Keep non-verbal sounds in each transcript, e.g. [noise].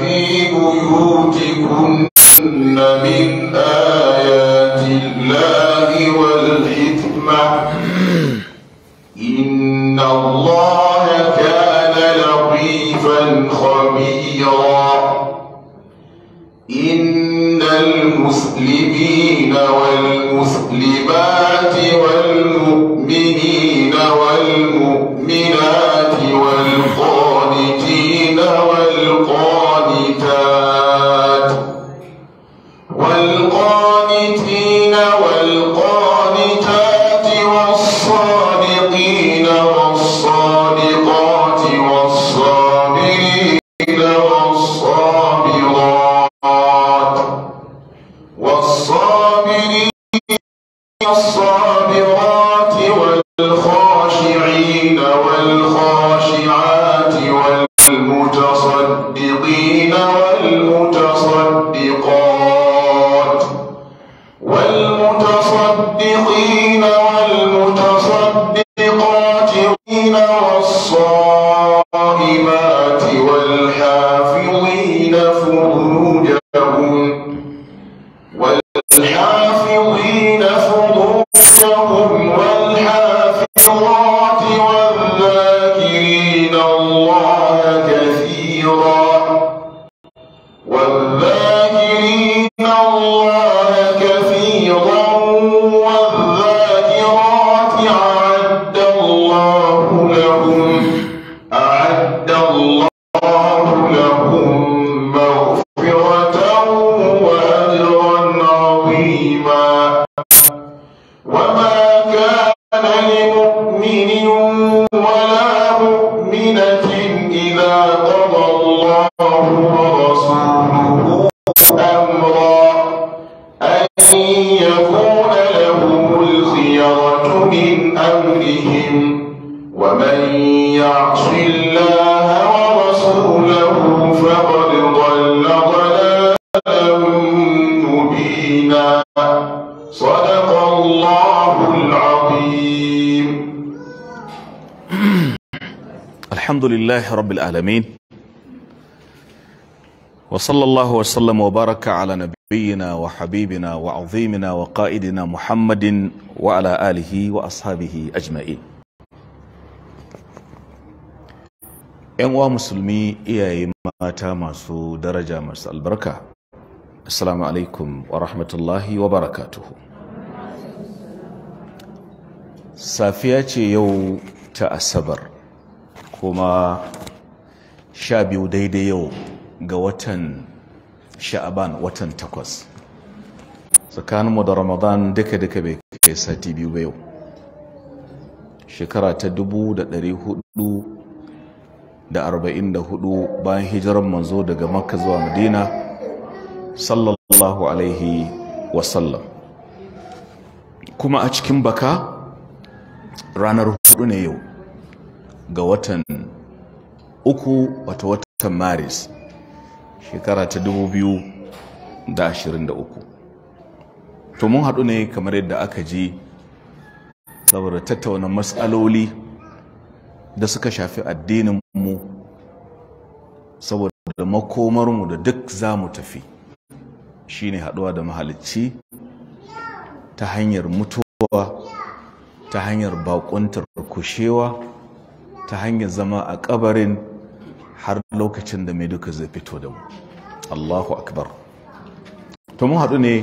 في بيوتكن من آيات الله والحكمة إن الله كان لطيفا خبيرا إن المسلمين والمسلمات والمسلمين لله رب العالمين وصلى الله وسلم وبارك على نبينا وحبيبنا وعظيمنا وقائدنا محمد وعلى آله وأصحابه أجمعين ‘Yan uwa musulmi iyaye mata masu daraja masu albarka, Assalamu alaikum wa rahmatullahi wa barakatuhu. Safiya ce yau ta Asabar. kuma sha biyu daidai yau ga watan sha'aban watan takwas tsakaninmu da ramadan duka-duka bai kai sati biyu ba yau shekara ta dubu da ɗari hudu da arba'in da hudu bayan hijiran manzo daga makka zuwa madina sallallahu alaihi wasallam kuma a cikin baka ranar hudu ne yau ga watan uku wata watan maris shekara ta 2023 to mun haɗu ne kamar yadda aka ji saboda tattauna matsaloli da suka shafi addininmu saboda makomarmu da duk za mu tafi shine haɗuwa da mahalicci ta hanyar mutuwa ta hanyar bakuntar kushewa ta hanyar zama a kabarin har lokacin da mai duka zai fito da mu Allahu akbar to mun haɗu ne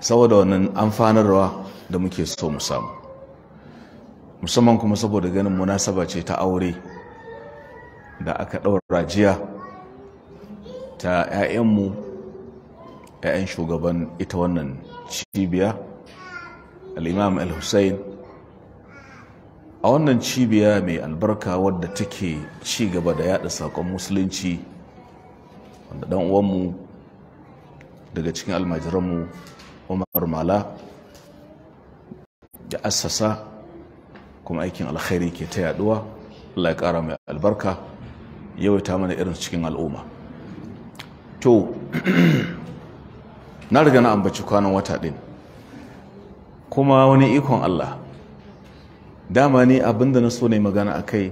saboda wannan amfanarwa da muke so mu samu musamman kuma saboda ganin munasaba ce ta aure da aka ɗaura jiya ta 'ya'yanmu 'ya'yan shugaban ita wannan cibiya al'imam al-hussein a wannan cibiya mai albarka wadda take ci gaba da yada sakon musulunci wanda dan uwanmu daga cikin almajiranmu umar mala da assasa kuma aikin alkhairi ke ta yaduwa allah ya kara mai albarka yawaita mana irin cikin al'umma to [clears throat] na riga na ambaci kwanan wata din kuma wani ikon allah dama ne abinda na so ne magana a kai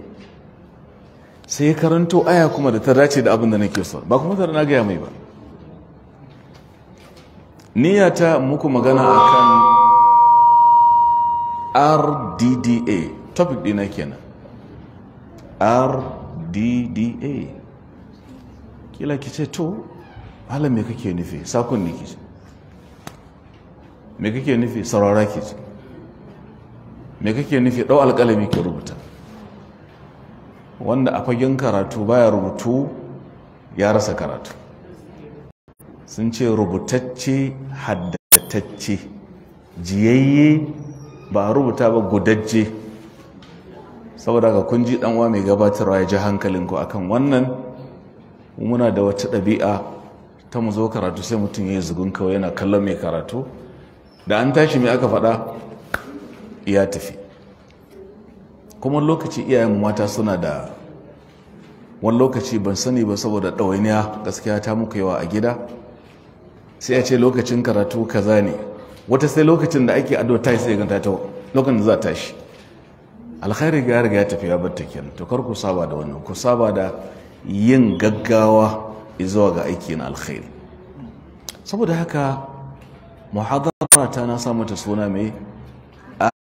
sai karanto aya kuma da ta dace da abinda nake so ba kuma tara na gaya mai ba ta muku magana a kan RDDA topic dina kenan RDDA kila ce to hala me kake nufi sakon ne ce me kake nufi sarara ce me kake nufi ɗau alƙalami ke rubuta wanda a fagen karatu baya rubutu ya rasa karatu sun ce rubutacce haddatacce jiyayye ba a rubuta ba gudajje saboda ga kunji ɗanwa mai gabatarwa ya ji hankalinku akan wannan muna da wata ɗabi'a ta mu zo karatu sai mutum ya yi zugun kawai yana kallon mai karatu da an tashi mai aka faɗa ya tafi kuma lokaci iyayen mata suna da wani lokaci ban sani ba saboda ɗawainiya gaskiya ta muka yawa a gida sai ya ce lokacin karatu kaza ne wata sai lokacin da ake yi sai ganta ta lokacin za ta shi alkhairi ga riga ya tafi ya batta kenan to kar ku saba da wannan ku saba da yin gaggawa zuwa ga aiki na alkhairi saboda haka muhadara ta na sa mata suna mai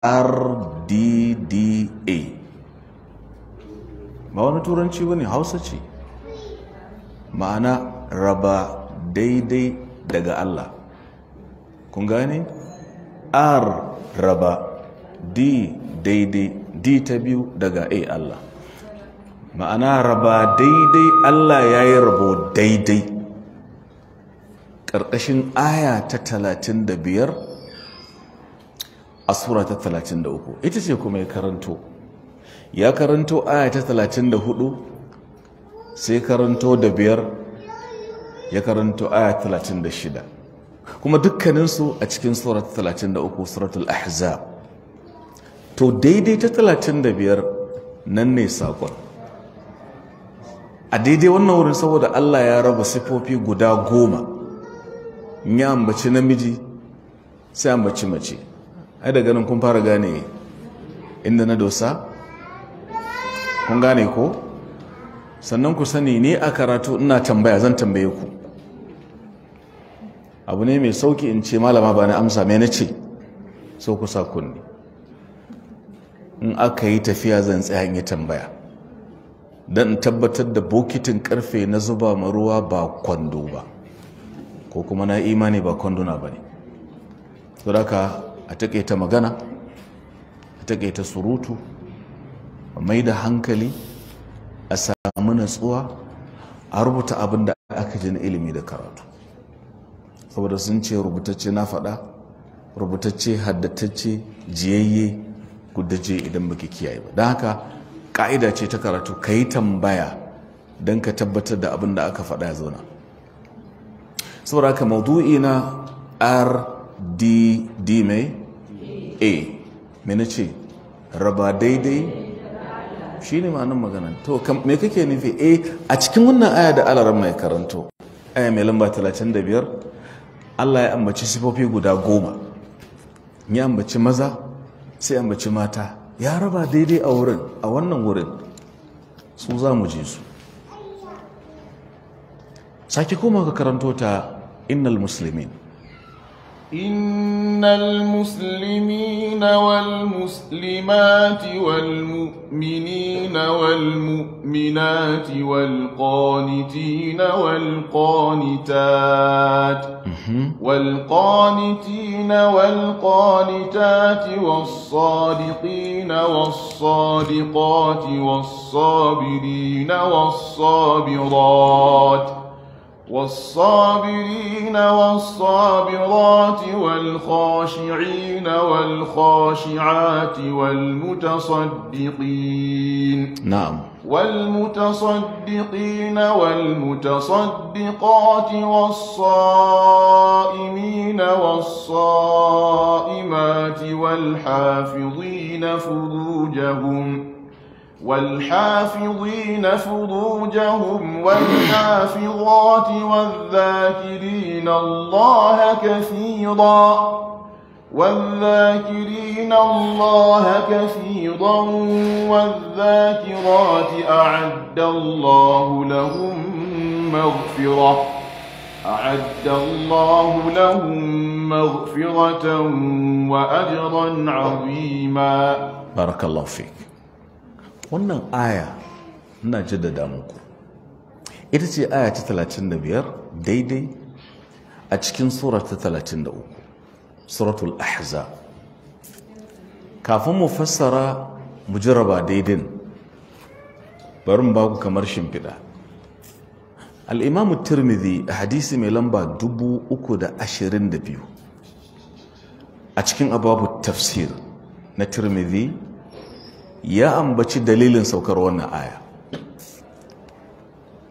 rdda ba wani turanci wani hausa ce ma'ana raba daidai daga allah kun gane r raba d daidai d ta biyu daga a allah ma'ana raba daidai allah ya yi rabo daidai ƙarƙashin aya ta talatin da biyar a sura ta 33 ita ce kuma ya karanto ya karanto aya ta 34 sai karanto da biyar ya karanto aya 36 kuma dukkaninsu a cikin sura ta 33 suratul ahzab to daidai ta 35 nan ne sakon a daidai wannan wurin saboda Allah ya raba sifofi guda goma ya ambaci namiji sai ambaci mace ai da ganin kun fara gane inda na dosa kun gane ko sannan ku sani ne a karatu ina tambaya zan tambaye ku abu ne mai sauki in ce malama ba na amsa mai na ce so ku sa kunni in aka yi tafiya zan tsaya yi tambaya don in tabbatar da bokitin karfe na zuba ma ruwa ba kwando ba ko kuma na imani ba kwanduna ba ne. a takaita magana a taƙaita surutu a mai da hankali a samu natsuwa a rubuta abin da aka ji na ilimi da karatu saboda sun ce rubutacce na faɗa rubutacce haddatacce jiyayye gudaje idan baki kiyaye ba don haka ƙa'ida ce ta karatu ka yi tambaya don ka tabbatar da abin da aka faɗa ya zauna saboda haka maudu'i na rdd mai eh me na ce raba daidai shi ne ma'anin magana to me kake nufi eh a cikin wannan aya da alaran mai karanto aya mai lamba 35 Allah ya ambaci sifofi guda goma ya ambaci maza sai ambaci mata ya raba daidai a wurin a wannan wurin su za mu je su sake koma ka karanto ta innal muslimin إن المسلمين والمسلمات والمؤمنين والمؤمنات والقانتين والقانتات mm-hmm. والقانتين والقانتات والصادقين والصادقات والصابرين والصابرات والصابرين والصابرات والخاشعين والخاشعات والمتصدقين نعم والمتصدقين والمتصدقات والصائمين والصائمات والحافظين فروجهم والحافظين فروجهم والحافظات والذاكرين الله كثيرا والذاكرين الله كثيرا والذاكرات أعد الله لهم مغفرة أعد الله لهم مغفرة وأجرا عظيما بارك الله فيك wannan aya na jaddada muku ita ce aya ta 35 daidai a cikin sura ta 33 suratul ahza kafin mu fassara mu jiraba daidai. bari mu baku kamar shimfiɗa al'imamu tirmidhi a hadisi mai lamba 322 a cikin ababu tafsir na tirmidhi ya ambaci dalilin saukar wannan aya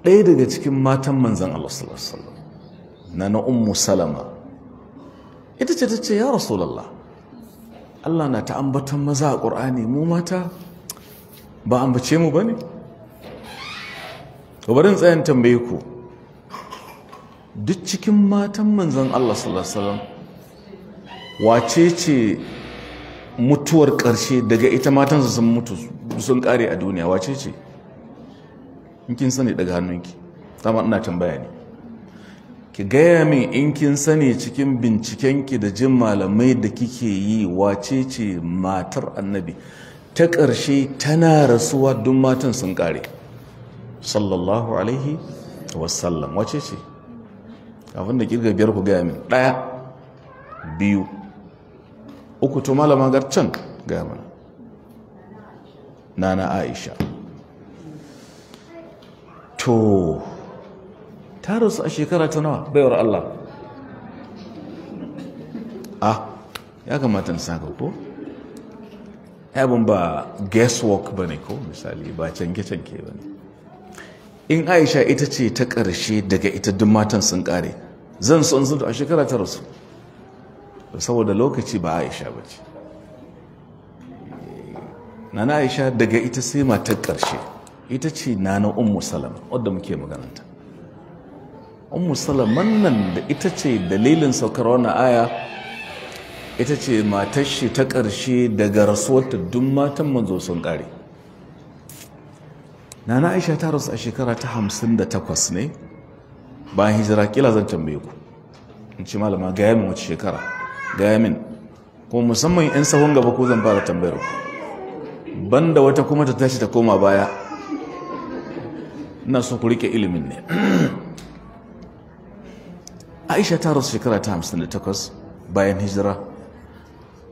ɗaya daga cikin matan manzan Allah sallallahu na na ummu salama ita ce ta ce ya rasulallah Allah na ta ambatan maza a ƙur'ani mu mata ba ambace mu ba ne? barin tsayin tambaye ku duk cikin matan manzan Allah sallallahu wace ce mutuwar ƙarshe daga ita matansa sun mutu sun ƙare a duniya wace ce in kin sani daga hannunki Sama ina tambaya ne ki gaya min in kin sani cikin binciken ki da jin malamai da kike yi wace ce matar annabi ta ƙarshe tana rasuwa don matan sun ƙare sallallahu alaihi wasallam wace ce abinda kirga biyar ku gaya min ɗaya biyu uku to malama can gaya mana nana aisha to ta rasu a shekara ta nawa baiwar allah A ya kamata nisa ga ko abin ba guesswork ba ne ko misali ba canke-canke ba ne in aisha ita ce ta ƙarshe daga ita duk matan sun ƙare zan son sun a shekara ta rasu saboda lokaci ba aisha ba ce nana aisha daga ita sai matar ƙarshe ita ce nana ummu salama wadda muke magananta ummu salaman nan da ita ce dalilin saukar wani aya ita ce matar shi ta ƙarshe daga rasuwarta duk matan manzo sun ƙare nana aisha ta rasu a shekara ta hamsin da takwas ne bayan hijira kila zan tambaye ku in ci malama ga yamin wace shekara gaya min ko musamman 'yan sahun gaba ko zan fara tambayar ku banda wata kuma ta tashi ta koma baya ina so ku rike ilimin ne [clears throat] aisha ta rasu shekara ta 58 bayan hijira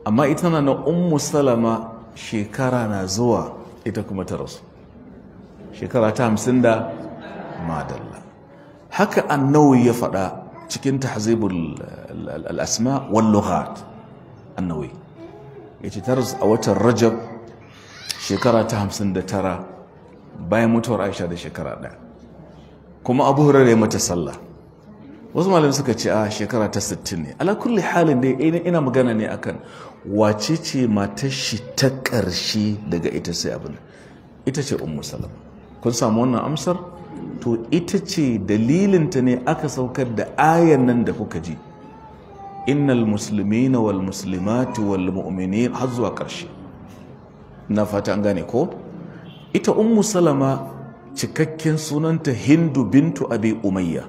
amma ita na na ummu salama shekara na zuwa ita kuma ta rasu shekara ta 50 da madalla haka annawi ya faɗa cikin ta al-asma wal lughat annawi yace tarz a watan rajab shekara ta hamsin da tara bayan mutuwar aisha da shekara ɗaya kuma abu hurare mata sallah wasu malam suka ce a shekara ta sittin ne ala kulli halin da ina magana ne akan wace ce matar shi ta ƙarshe daga ita sai abin ita ce ummu Salam. kun samu wannan amsar to ita ce dalilinta ne aka saukar da ayan nan da kuka ji innal na wal musulmati wal mu'minin har zuwa ƙarshe na fata gane ko ita ummu salama cikakken sunanta hindu bintu abi umayya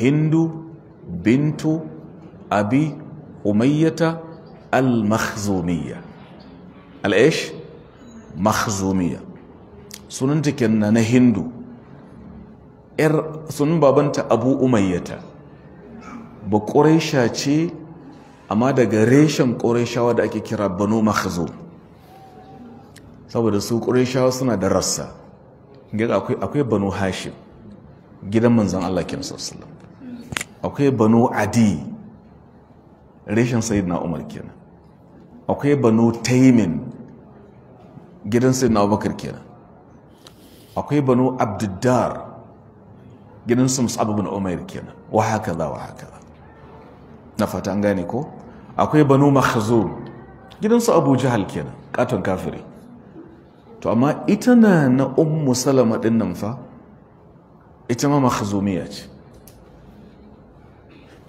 hindu bintu abi umayyata al-makhzumiyya al-ish sunanta kenna na hindu yar sunan babanta abu umayyata ba ƙuraisha ce amma daga reshen ƙuraishawa da ake kira banu makhzo saboda su ƙuraishawa suna da rassa akwai banu hashim gidan manzan Allah kim sallam akwai banu adi reshen na umar kenan akwai banu taimin gidan na abubakar kenan akwai banu abdiddar gidan su mus'ab ibn umar kenan wa za wa hakaza na fata an gane ko akwai banu mahzum gidan su abu jahal kenan katon kafiri to amma ita na na ummu salama din nan fa ita ma miya ce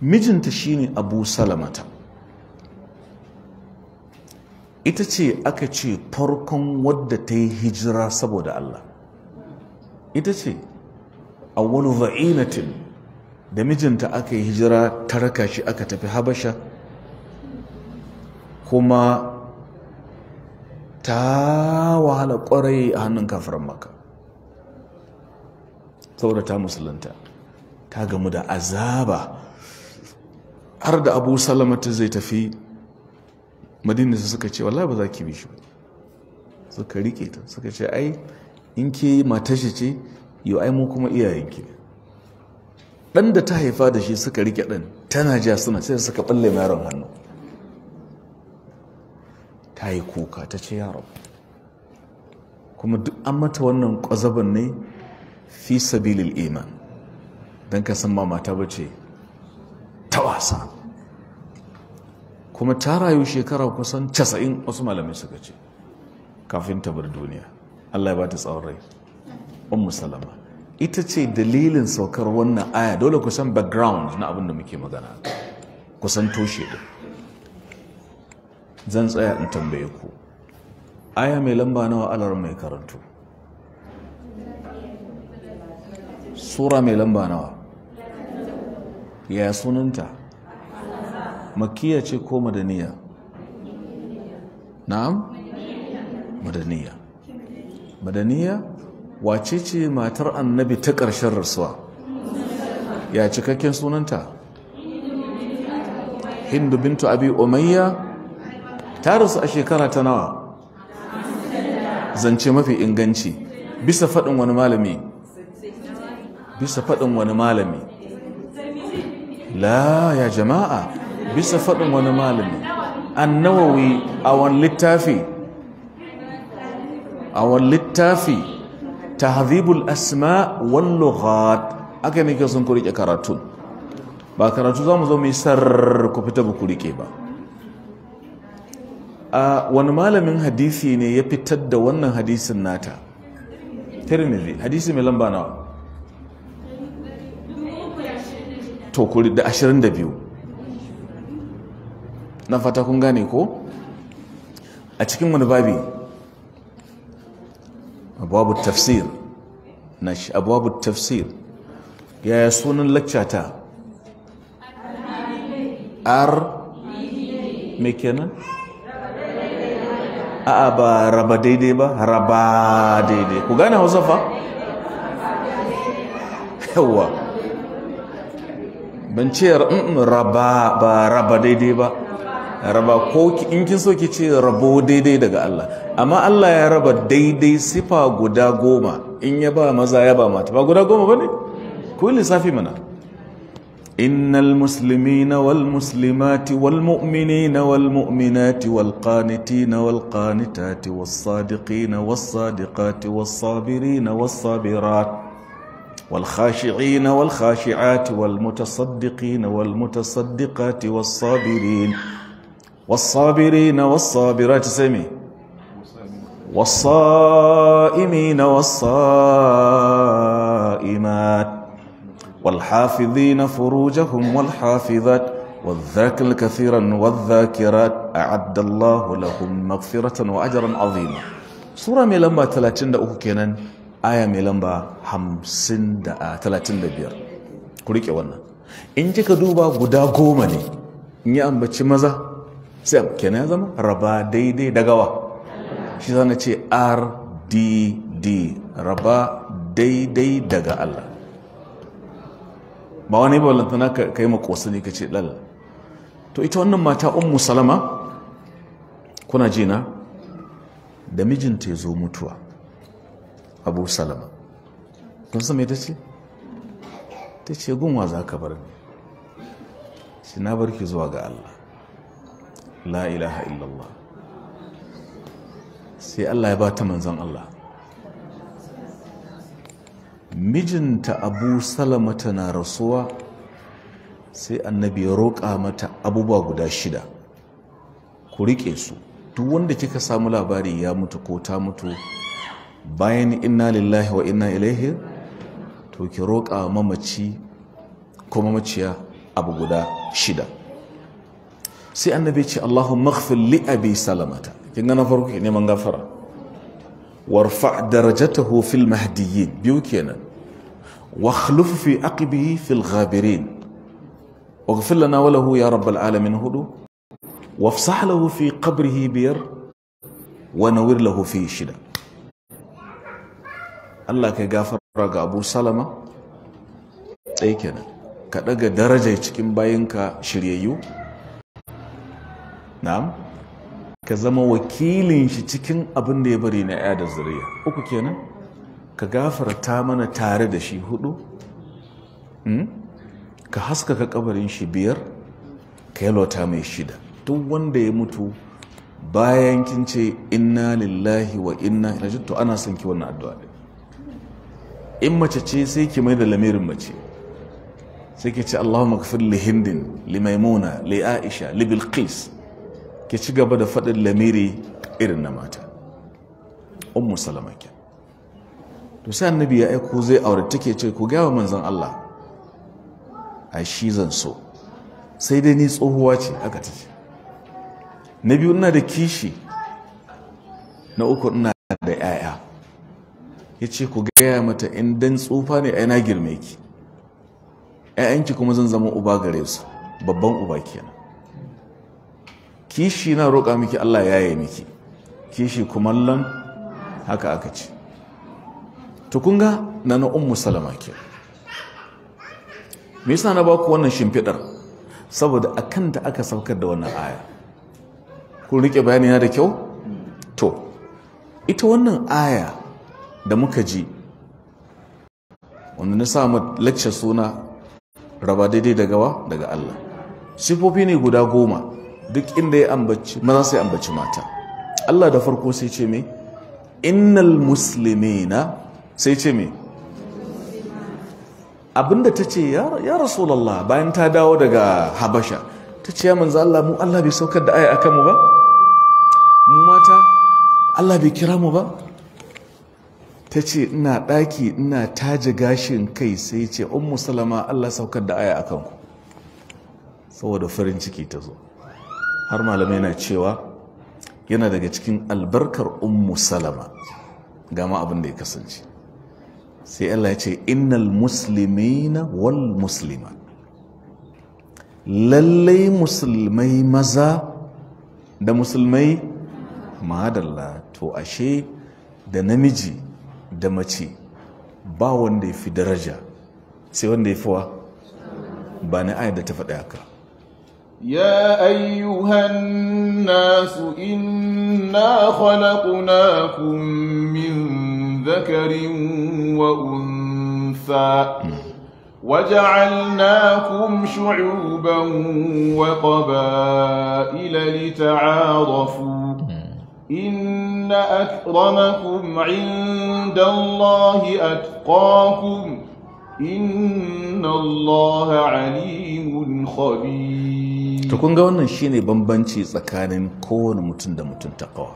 mijinta shine abu salamata ita ce aka ce farkon wadda ta yi hijira saboda Allah ita ce wani dha'inatin da mijinta aka yi hijira ta raka shi aka tafi habasha kuma ta wahala kwarai a hannun kafar maka saboda ta musulunta ta gamu da azaba har da abu salamata zai tafi madina su suka ce "Wala ba za ki bi shi ba suka rike ta suka ce ai in ke matashi ce yau ai mu kuma iyayenki ne ɗan da ta haifa da shi suka rike ɗan tana ja suna sai suka ɓalle yaron hannu ta yi kuka ta ce yaron kuma duk an mata wannan ƙwazaban ne fi sabilil iman don ka san mata bace ta wasa kuma ta rayu shekara kusan casa'in wasu malamai suka ce kafin ta bar duniya allah ya ba ta tsawon rai ita ce dalilin saukar wannan aya dole ku san background na abin da muke magana ku san toshe din zan tsaya in tambaye ku aya mai lamba nawa alar mai karantu sura mai lamba nawa ya sunanta makiya ce ko madaniya na'am madaniya madaniya wace ce matar annabi ta ƙarshen rasuwa ya cikakken sunanta hindu bintu abi umayya ta rasu a shekara ta nawa zance mafi inganci bisa faɗin wani malami bisa faɗin wani malami la ya jama'a bisa faɗin wani malami annawawi a wani littafi a wani littafi tahdhibul asma wal lughat aka ne sun ku rike karatu ba karatu zamu zo mu sar ku fita ba ku rike ba a wani malamin hadisi ne ya fitar da wannan hadisin nata tirmidhi hadisi mai lamba nawa to kuri da 22 na fata kun gane ko a cikin wani babi abuwa tafsir na shi abuwa tafsir yaya sunan lakcata ar me kenan a'a ba raba daidai ba raba daidai ku gane hausa fa yawa ban ce raba ba raba daidai ba raba ko in kin so ki ce rabo daidai daga Allah amma Allah ya raba daidai sifa guda goma in ya ba maza ya ba mata ba guda goma bane ku lissafi mana innal muslimina wal muslimati wal mu'minina wal mu'minati wal qanitina wal qanitati was sadiqina was sadiqati was sabirina was sabirat والخاشعين والخاشعات والمتصدقين والمتصدقات والصابرين والصابرين والصابرات سمي والصائمين والصائمات والحافظين فروجهم والحافظات والذاكر كثيرا والذاكرات أعد الله لهم مغفرة وأجرا عظيما سورة ملمبا 33 كنان آية ملمبا 35 كوريك يا وانا in kika duba guda goma ne in yi ambaci maza sai kenan ya zama raba daidai da gawa shi zana ce rdd raba daidai daga Allah ba wani ba lantana ka yi makosa ne ka ce lalla to ita wannan mata un salama kuna jina da mijinta ya zo mutuwa abu salama don sami ta ce ta ce gunwa za ka bar ni shi na bar ki zuwa ga Allah la ilaha illallah sai Allah ya ba ta manzan Allah mijinta abu salamata na rasuwa sai annabi ya roƙa mata abubuwa guda shida ku riƙe su duk wanda kika samu labari ya mutu ko ta mutu bayan inna lillahi wa inna ilaihi to ki roƙa mamaci ko mamaciya abu guda shida sai annabi ce allahu ighfir li abi salamata kin gana na farko ne neman gafara warfa darajatahu fil mahdiyyin biyu kenan wa akhluf fi aqibihi fil ghabirin واغفر لنا وله يا رب العالمين هدو وافصح له في قبره بير ونور fi shida Allah kai gafara ga Abu Salama tsaye kenan ka daga darajar cikin bayinka shiryayyu na'am ka zama wakilin shi cikin abin da ya bari na ya da zuriya uku kenan ka gafarta mana tare da shi hudu hmm? ka haskaka kabarin shi biyar ka yalwata mai shida duk wanda ya mutu bayan kin ce inna lillahi wa inna ilaihi to ana son ki wannan addu'a din in mace ce sai ki mai da lamirin mace sai ki ce Allahumma ighfir li hindin li maimuna li aisha li ki ci gaba da faɗin lamiri irin na mata ummu salama ke to sai annabi ya aiko zai aure take ce ku gawa manzon Allah a shi zan so sai dai ni tsohuwa ce aka ta na biyu ina da kishi na uku ina da yaya ya ce ku gaya mata in dan tsufa ne ina yana girme ki ‘ya'yanki kuma zan zama uba gare su babban uba kenan kishi na roƙa miki Allah ya yi miki kishi kumallon haka aka ce tukunga na na'un ummu ke me sa na baku wannan shimfiɗar saboda akan da aka saukar da wannan aya kun riƙe bayani na da kyau to ita wannan aya da muka ji wanda na sa lacce suna raba daidai da gawa daga Allah sifofi ne guda goma duk inda ya ambaci maza sai ambaci mata Allah da farko sai ce me innal muslimina sai ce me abinda ta ce ya rasulallah bayan ta dawo daga habasha ta ce ya manzo Allah mu Allah bai saukar da aya akan mu ba mu mata Allah bai kira mu ba ta ce ina daki, ina taji gashin kai sai ce ummu salama Allah saukar da aya akan ku saboda farin ciki ta zo har malamai na cewa yana daga cikin albarkar ummu salama gama abin da ya kasance sai Allah ya ce innal muslimina wal muslima lallai musulmai maza da musulmai madalla to ashe da namiji da mace ba wanda ya fi daraja sai wanda ya fi wa ba na da ta faɗi haka يا أيها الناس إنا خلقناكم من ذكر وأنثى وجعلناكم شعوبا وقبائل لتعارفوا إن أكرمكم عند الله أتقاكم إن الله عليم خبير to kun ga wannan shine bambanci tsakanin kowane mutum da mutum taqwa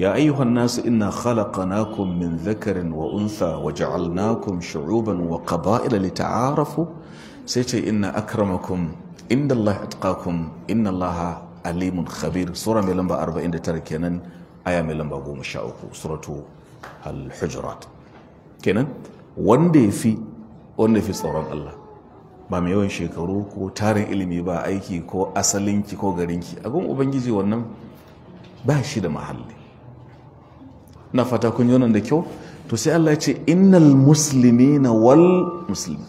ya ayyuhan nasu inna khalaqnakum min dhakarin wa untha wa ja'alnakum shu'uban wa qaba'ila lita'arafu sai ce inna akramakum inda Allah atqakum inna Allah alimun khabir sura mai lamba 49 kenan aya mai lamba 13 suratu al-hujurat kenan wanda yafi wanda yafi tsoron Allah ba mai yawan shekaru ko tarin ilimi ba aiki ko asalinki ko garinki agun ubangiji wannan ba shi da mahalli na fata kun wannan da kyau to sai Allah ya ce innal na wal musulmi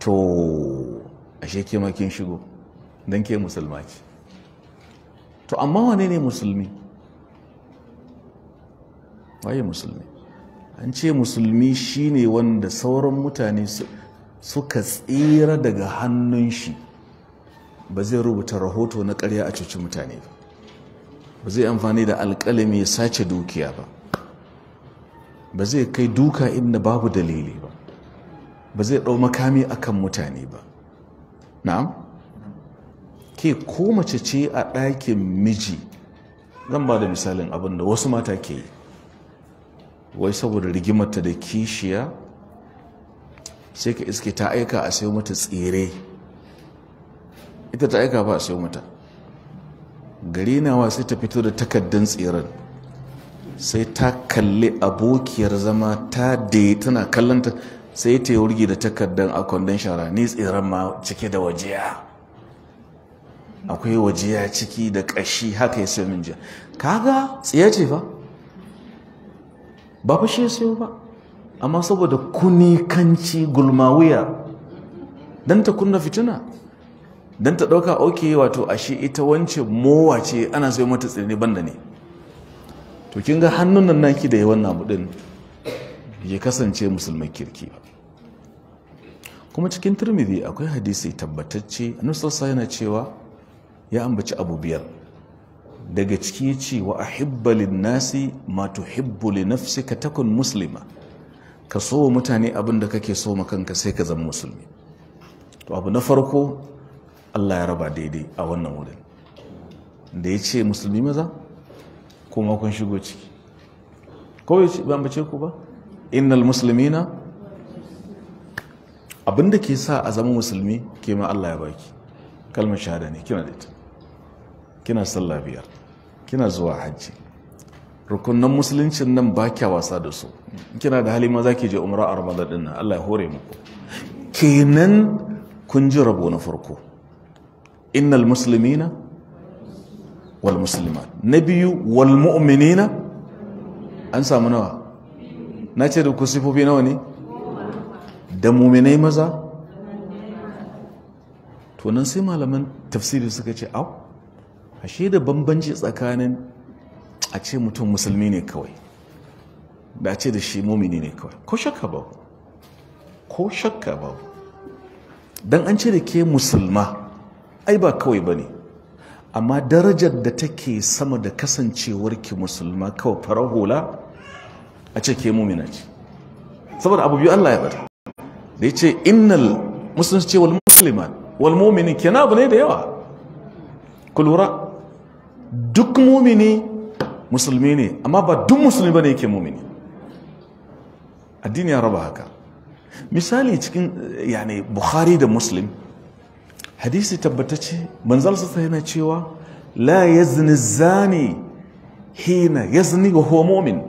to ashe ke makin shigo don ke musulma ce to amma wane ne musulmi waye musulmi an ce musulmi shine wanda sauran mutane suka tsira daga hannun shi ba zai rubuta rahoto na karya a cuci mutane ba ba zai amfani da alƙalami ya sace dukiya ba ba zai kai duka inda babu dalili ba ba zai ɗau makami akan mutane ba na'am ke ko mace ce a ɗakin miji zan ba da misalin abinda wasu mata ke yi wai saboda rigimarta da kishiya sai ka iske ta aika a sayo mata tsere. ita ta aika ba a sayo mata gari nawa sai ta fito da takaddun tseren. sai ta kalli abokiyar zama ta dai tana kallanta sai ta yi wurgi da takardan a kwandon shara ni tseren ma cike da wajiya akwai wajiya ciki da ƙashi haka ya sai min jiya kaga tsiya ce fa ba fashe sayo ba amma saboda kunikanci gulmawuya don ta kunna fituna don ta ɗauka oke wato ashe ita wance mowa ce ana sai mata tsirni banda ne to kin ga hannun nan naki da yawan namu din ya kasance musulman kirki kuma cikin turmidi akwai hadisi tabbatacce annabi yana cewa ya ambaci abu biyar daga ciki ce wa a hibbalin nasi ma hibbuli nafsi ka takun muslima ka so wa mutane abin da kake so kanka sai ka zama musulmi to abu na farko allah ya raba daidai a wannan wurin da ya ce musulmi maza kuma kun shigo ciki kawai ban bace ku ba innal na? abin da ke sa a zama musulmi ke ma allah ya baki kalmar shahada ne kina da ita kina sallah biyar kina zuwa hajji rukunan musuluncin nan ba kya wasa da su kina da hali maza za ki je umra a ramadan din nan Allah ya hore muku kenan kun ji rabo na farko innal muslimina wal muslimat na biyu wal mu'minina an samu nawa na ce da ku sifofi nawa ne da muminai maza to nan sai malaman tafsiri suka ce au ashe da bambanci tsakanin a ce mutum musulmi ne kawai da ce da shi mumini ne kawai ko shakka ba ko shakka babu don an ce da ke musulma ai ba kawai ba ne amma darajar da take sama da kasancewar ki musulma kawai farar hula a ce ke mumina ce saboda abu biyu Allah ya bata. da ya ce innal musulunci ce wal musliman wal mumini kenan abu ne da yawa kulura duk mumini musulmi ne amma ba duk musulmi ba ne yake mumini addini ya raba haka misali cikin eh, yani bukhari da muslim hadisi tabbatacce manzal sa yana cewa la zini zani hina zini wa huwa mu'min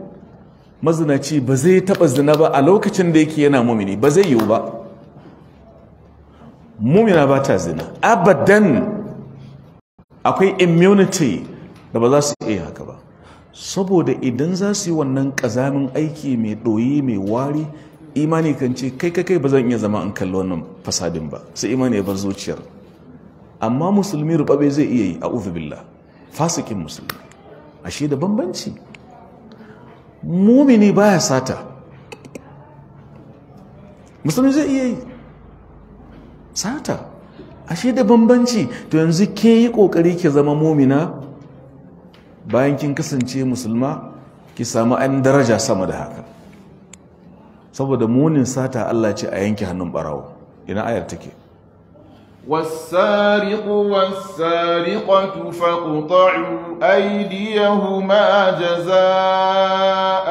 mazinaci ba zai taba zina ba a lokacin da yake yana mumini ba zai yiwu ba mumina ba ta zina abadan akwai immunity da ba za su iya haka ba saboda idan za su yi wannan ƙazamin aiki mai ɗoyi mai wari imani kan ce kai kai ba zan iya zama an kalli wannan fasadin ba sai imani ya bar zuciyar amma musulmi rubabe zai iya yi a billa fasikin musulmi ashe da bambanci mumini baya sata musulmi zai iya yi sata ashe da bambanci to yanzu ke yi kokari ke zama mumina bayan kin kasance musulma ki samu ayin daraja sama da haka saboda munin sata Allah ce a yanke hannun barawo ina ayar take والسارق والسارقة فاقطعوا أيديهما جزاء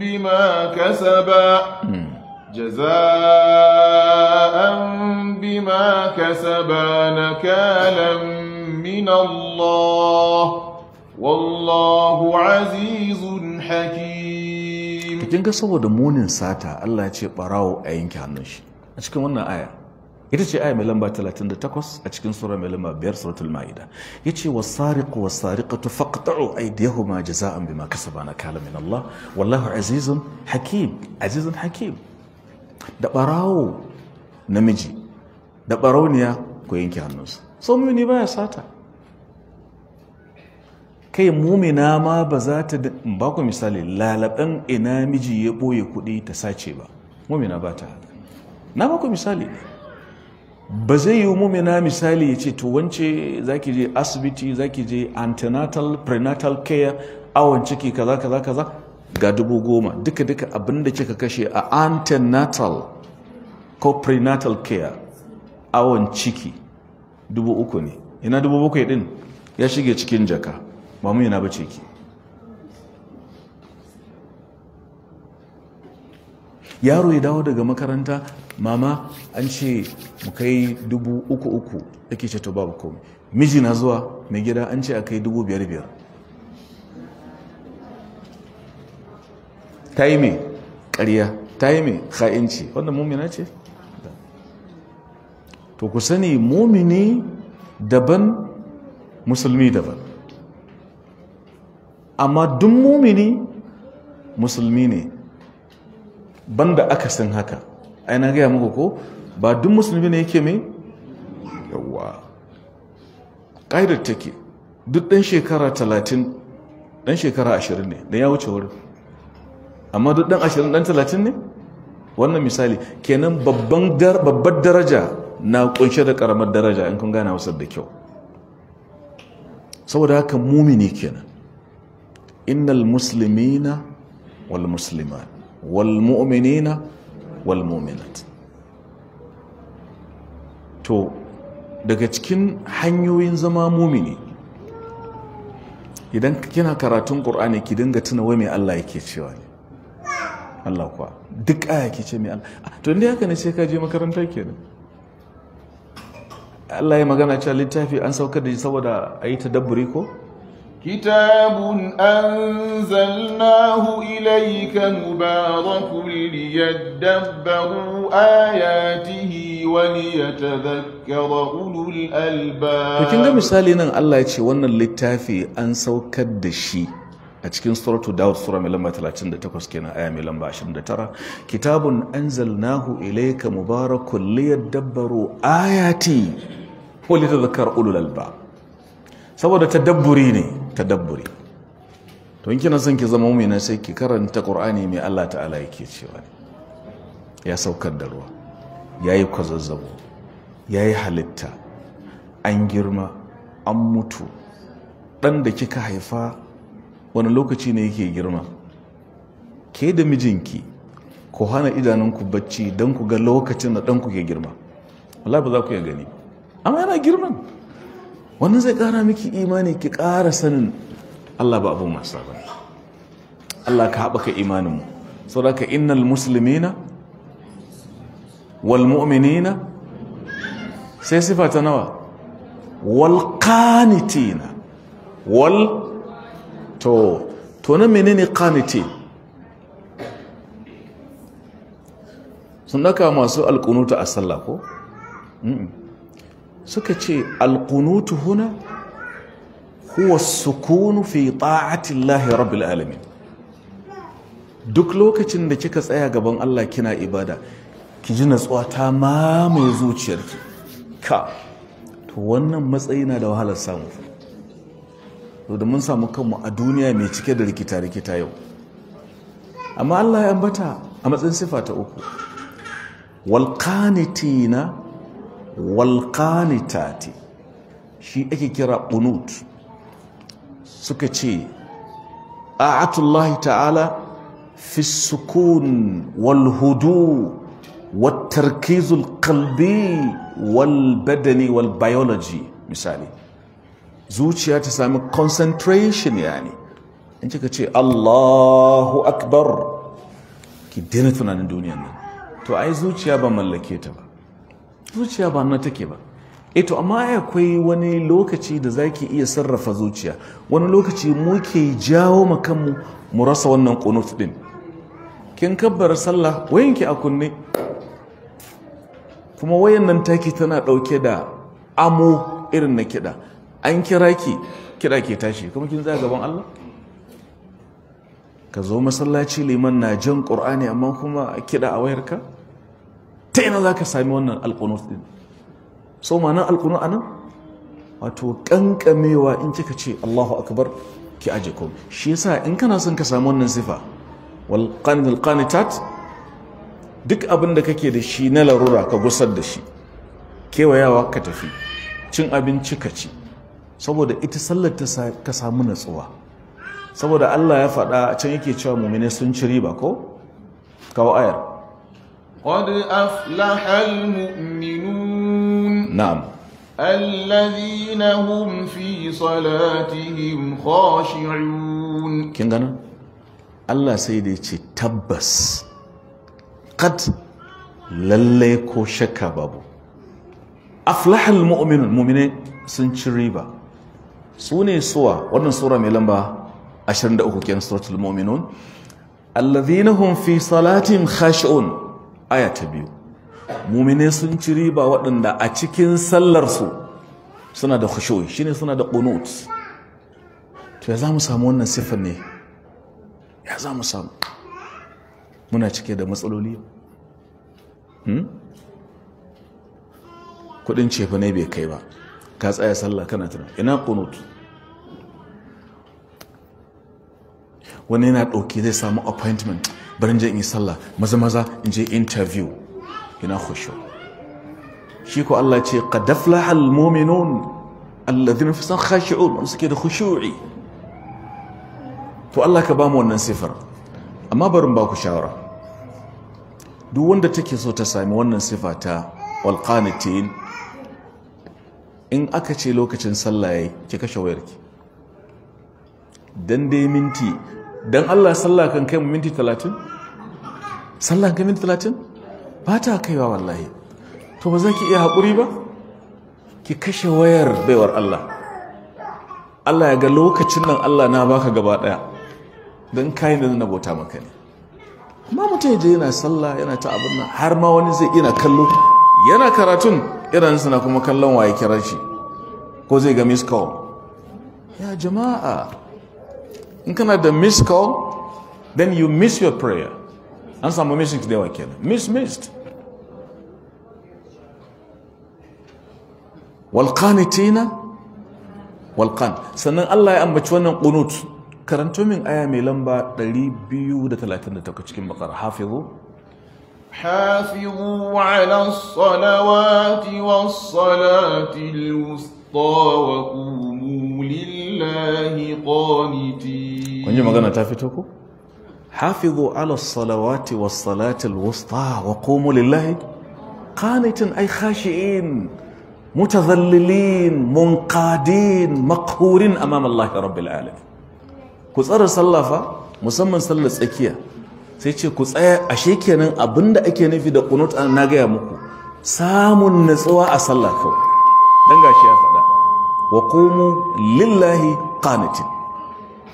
بما كسبا جزاء بما كسبا نكالا من الله wallahu azizun hakim ka saboda munin sata Allah ya ce barawo a yanke hannun shi a cikin wannan aya ita ce aya mai lamba 38 a cikin sura mai lamba 5 suratul ma'ida yace wasariqu wasariqatu faqta'u aydiyahuma ma bima kasabana kala min Allah wallahu azizun hakim azizun hakim da barawo namiji da barauniya ku yanke hannunsa so mumini baya sata kai mumina ma ba za ta ba ku misali lalaban ina miji ya boye kuɗi ta sace ba mumina ba ta haka na ba ku misali ba zai yi mumina misali ya ce to wance za ki je asibiti za ki je antenatal prenatal care awon ciki kaza kaza kaza ga dubu goma duka duka abin da kika kashe a antenatal ko prenatal care awon ciki dubu uku ne ina dubu bakwai din ya shige cikin jaka ba mu yana bace ki yaro ya dawo daga makaranta mama an ce mu kai dubu uku uku da ce ceto babu komai miji na zuwa mai gida an ce a kai dubu biyar biyar ta yi mai ƙarya ta yi mai ka'inci wanda mumina ce to ku sani mumini daban musulmi daban amma duk mumini musulmi ne banda aka san haka ai na gaya muku ko ba duk musulmi ne yake mai yawwa ƙa'idar take duk ɗan shekara talatin ɗan shekara ashirin ne da ya wuce wuri amma duk ɗan ashirin ɗan talatin ne wannan misali kenan babbar daraja na kunshe da ƙaramar daraja in kun gane wasu da kyau saboda haka mumini kenan innal المسلمين wal والمؤمنين wal mu'minina wal mu'minat to daga cikin hanyoyin zama mumini idan kina karatun qur'ani ki dinga tuna wai mai Allah yake cewa ne Allah kuwa duk aya ke ce mai Allah to inda haka ne sai ka je makaranta kenan Allah ya magana cewa littafi an saukar da shi saboda a yi tadabburi ko كتاب أنزلناه إليك مبارك ليدبروا آياته وليتذكر أولو الألباب لكن ده مثالي نان الله يتشي وانا اللتافي أنسو كدشي a cikin suratu daud sura mai lamba 38 kenan aya mai lamba 29 kitabun anzalnahu ilayka mubarakun liyadabbaru ayati wa litadhakkar ulul albab saboda tadabburi ne tadabburi to in kina son ki zama mu'mina sai ki karanta qur'ani mai Allah ta'ala yake cewa ya saukar da ruwa yayi kwazazzabo yayi halitta an girma an mutu dan da kika haifa wani lokaci ne yake girma ke da mijinki ko hana idanunku bacci don ku ga lokacin da ɗanku ke girma wala ba za ku iya gani amma yana girman wannan zai ƙara miki imani ki ƙara sanin Allah ba abu masu ba Allah ka haɓaka imaninmu saboda innal muslimina wal mu'minina sai sifa ta nawa wal na wal to to na menene kaniti sun daka masu alkunuta a sallah suka ce alkunutu huna huwa sukunu fi ta'atillahi rabbil alamin duk lokacin da kika tsaya gaban Allah kina ibada ki ji natsuwa ta mamaye zuciyarki ka to wannan matsayi na da wahalar samu to da mun samu kanmu a duniya mai cike da rikita rikita yau amma Allah ya ambata a matsayin sifa ta uku wal qanitina walƙanitati shi ake kira unut suka ce a'atullahi ta'ala fi sukun Wal hudu. walhudu watarkizul kalbi Wal badani, wal biology misali zuciya ta sami concentration ne in kika ce allahu akbar ki dina tunanin duniyan nan to ai zuciya ba mallake ta ba zuciya ba na take ba eto eh to amma akwai wani lokaci da zaki iya sarrafa zuciya wani lokaci muke jawo makanmu mu rasa wannan kunut din kin kabbara sallah wayanki a kunne kuma wayan nan taki tana dauke da amo irin na kida an kira ki kira ke tashi kuma kin za gaban Allah ka zo masallaci liman na jan qur'ani amma kuma kida a wayarka ta yana za ka sami wannan alkunus din so nan alkunut a nan wato kankamewa in kika ce allahu akbar ki aje komai shi yasa in kana son ka sami wannan sifa wal qanitat duk abin da kake da shi na larura ka gusar da shi kewayawa ka tafi cin abinci ka ci saboda ita sallar ta ka samu natsuwa saboda Allah ya faɗa can yake cewa mumine sun ci riba ko kawo ayar قد أفلح المؤمنون نعم الذين هم في صلاتهم خاشعون كن غنا الله سيدي تبس قد لليكو شكا بابو أفلح المؤمنون مؤمنين سنشريبا سوني سوا wannan سورة ميلمبا أشرن دعوكو كيان سورة المؤمنون الذين هم في صلاتهم خاشعون aya ta biyu mumine sun ci riba waɗanda a cikin sallarsu suna da khushoyi ne suna da ƙunut to ya za mu samu wannan siffar ne ya za mu samu muna cike da matsaloli hmm? kudin cefa ne bai kai ba ka tsaya sallah kana tana ina ƙunut wani yana ɗauki zai samu appointment barin je in yi sallah maza maza in je interview ina khushu shi ko Allah ce qad aflaha alladhina fi da khushu'i to Allah ka ba mu wannan sifar amma barin ba ku shawara duk wanda take so ta sami wannan sifa ta walqanitin in aka ce lokacin sallah yayi ki kashe wayarki dan dai minti dan Allah sallah kan kai mu minti talatin? sallan ka min talatin ba ta kaiwa wallahi to ba za ki iya haƙuri ba ki kashe wayar baiwar Allah Allah ya ga lokacin nan Allah na baka gaba ɗaya don kayan da na bauta maka ne amma mutum ya yana sallah yana ta abin nan har ma wani zai ina kallo yana karatun irin suna kuma kallon waye kiran shi ko zai ga miss call ya jama'a in kana da miss call then you miss your prayer an samu missing da yawa kenan miss missed walqanitina walqan sannan e Allah ya e ambaci wannan qunut karanto min aya mai lamba 238 cikin bakara hafizu حافظوا على الصلوات والصلاة الوسطى وقوموا لله قانتين kun ji magana ta fito ko hafizu ala salawati was salati alwusta wa qumu lillahi qanitin ay khashi'in mutadhallilin munqadin maqhurin amama Allah rabbil alif. ku tsara sallafa musamman sallar tsakiya sai ce ku tsaya ashe kenan abinda ake nufi da qunut an na gaya muku samun natsuwa a sallah kawai dan gashi ya faɗa wa qumu lillahi qanitin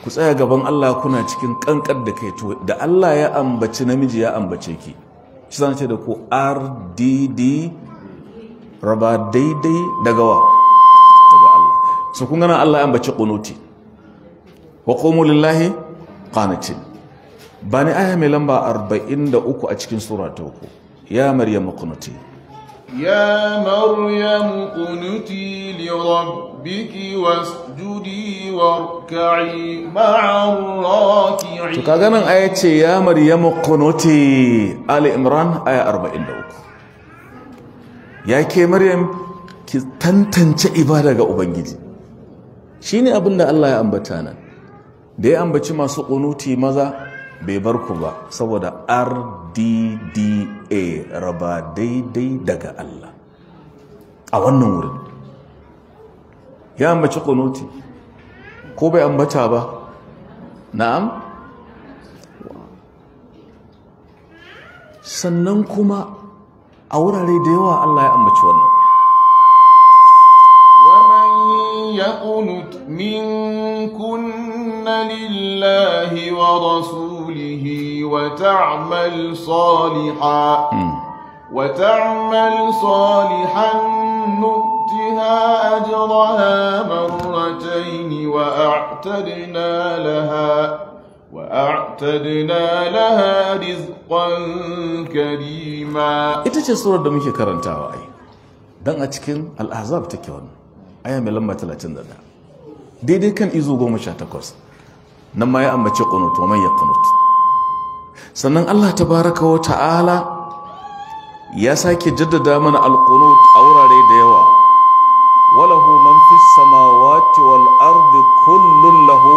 ku tsaya gaban Allah kuna cikin kankar da kai to da Allah ya ambaci namiji ya ambace ki shi zan ce da ku RDD raba daidai daga wa daga Allah so kun gana Allah ya ambaci kunuti wa qumu lillahi qanitin bani aya mai lamba 43 a cikin sura ta uku ya maryam qunuti يا مريم قنتي لربك واسجدي واركعي مع الراكعين to kaga nan aya ce ya maryamu qunuti ali imran aya 43 ya ke maryam ki tantance ibada ga ubangiji Shi ne abinda Allah ya ambata nan da ya ambaci masu ƙunuti maza bai bar ku ba saboda ar dda raba daidai daga Allah a wannan wurin ya ambaci kunuti ko bai ambata ba na'am sannan kuma a wurare da yawa Allah ya ambaci wannan ya kunna lillahi wa rasu وتعمل صالحا وتعمل صالحا نؤتها أجرها مرتين وأعتدنا لها وأعتدنا لها رزقا كريما ita ce surar da muke karantawa ai dan a cikin al-ahzab take wannan aya mai lamba 31 daidai kan izo 18 nan ma ya ambace qunut wa sannan Allah tabaraka wa ta'ala ya sake jaddada mana alqunut a wurare da yawa walahu man fis samawati wal ardi kullun lahu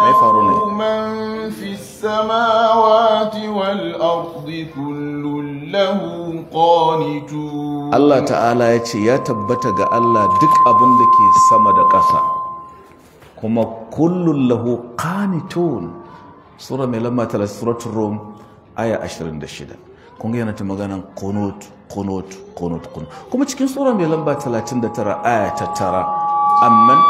mai faru ne man fis samawati wal ardi kullun lahu qanitun Allah ta'ala ya ce ya tabbata ga Allah duk abin da ke sama da ƙasa kuma kullun lahu qanitun sura mai lamba tala suratul rum aya 26 kun yana ta maganan qunut qunut qunut qunut kuma cikin sura mai lamba 39 aya ta tara amman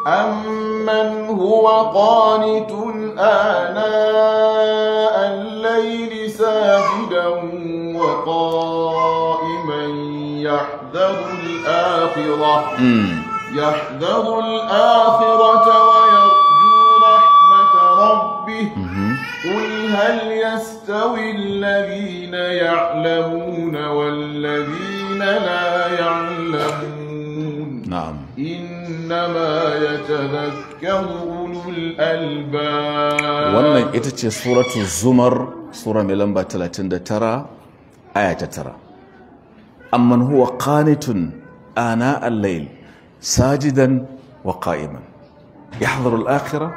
أمن هو قانت آناء الليل ساجدا وقائما يحذر الآخرة يحذر الآخرة ويحذر قل هل يستوي الذين يعلمون والذين لا يعلمون نعم إنما يتذكر أولو الألباب ومن إتتي سورة الزمر سورة ملمبة 30 ترى آية ترى أمن هو قانت آناء الليل ساجدا وقائما يحضر الآخرة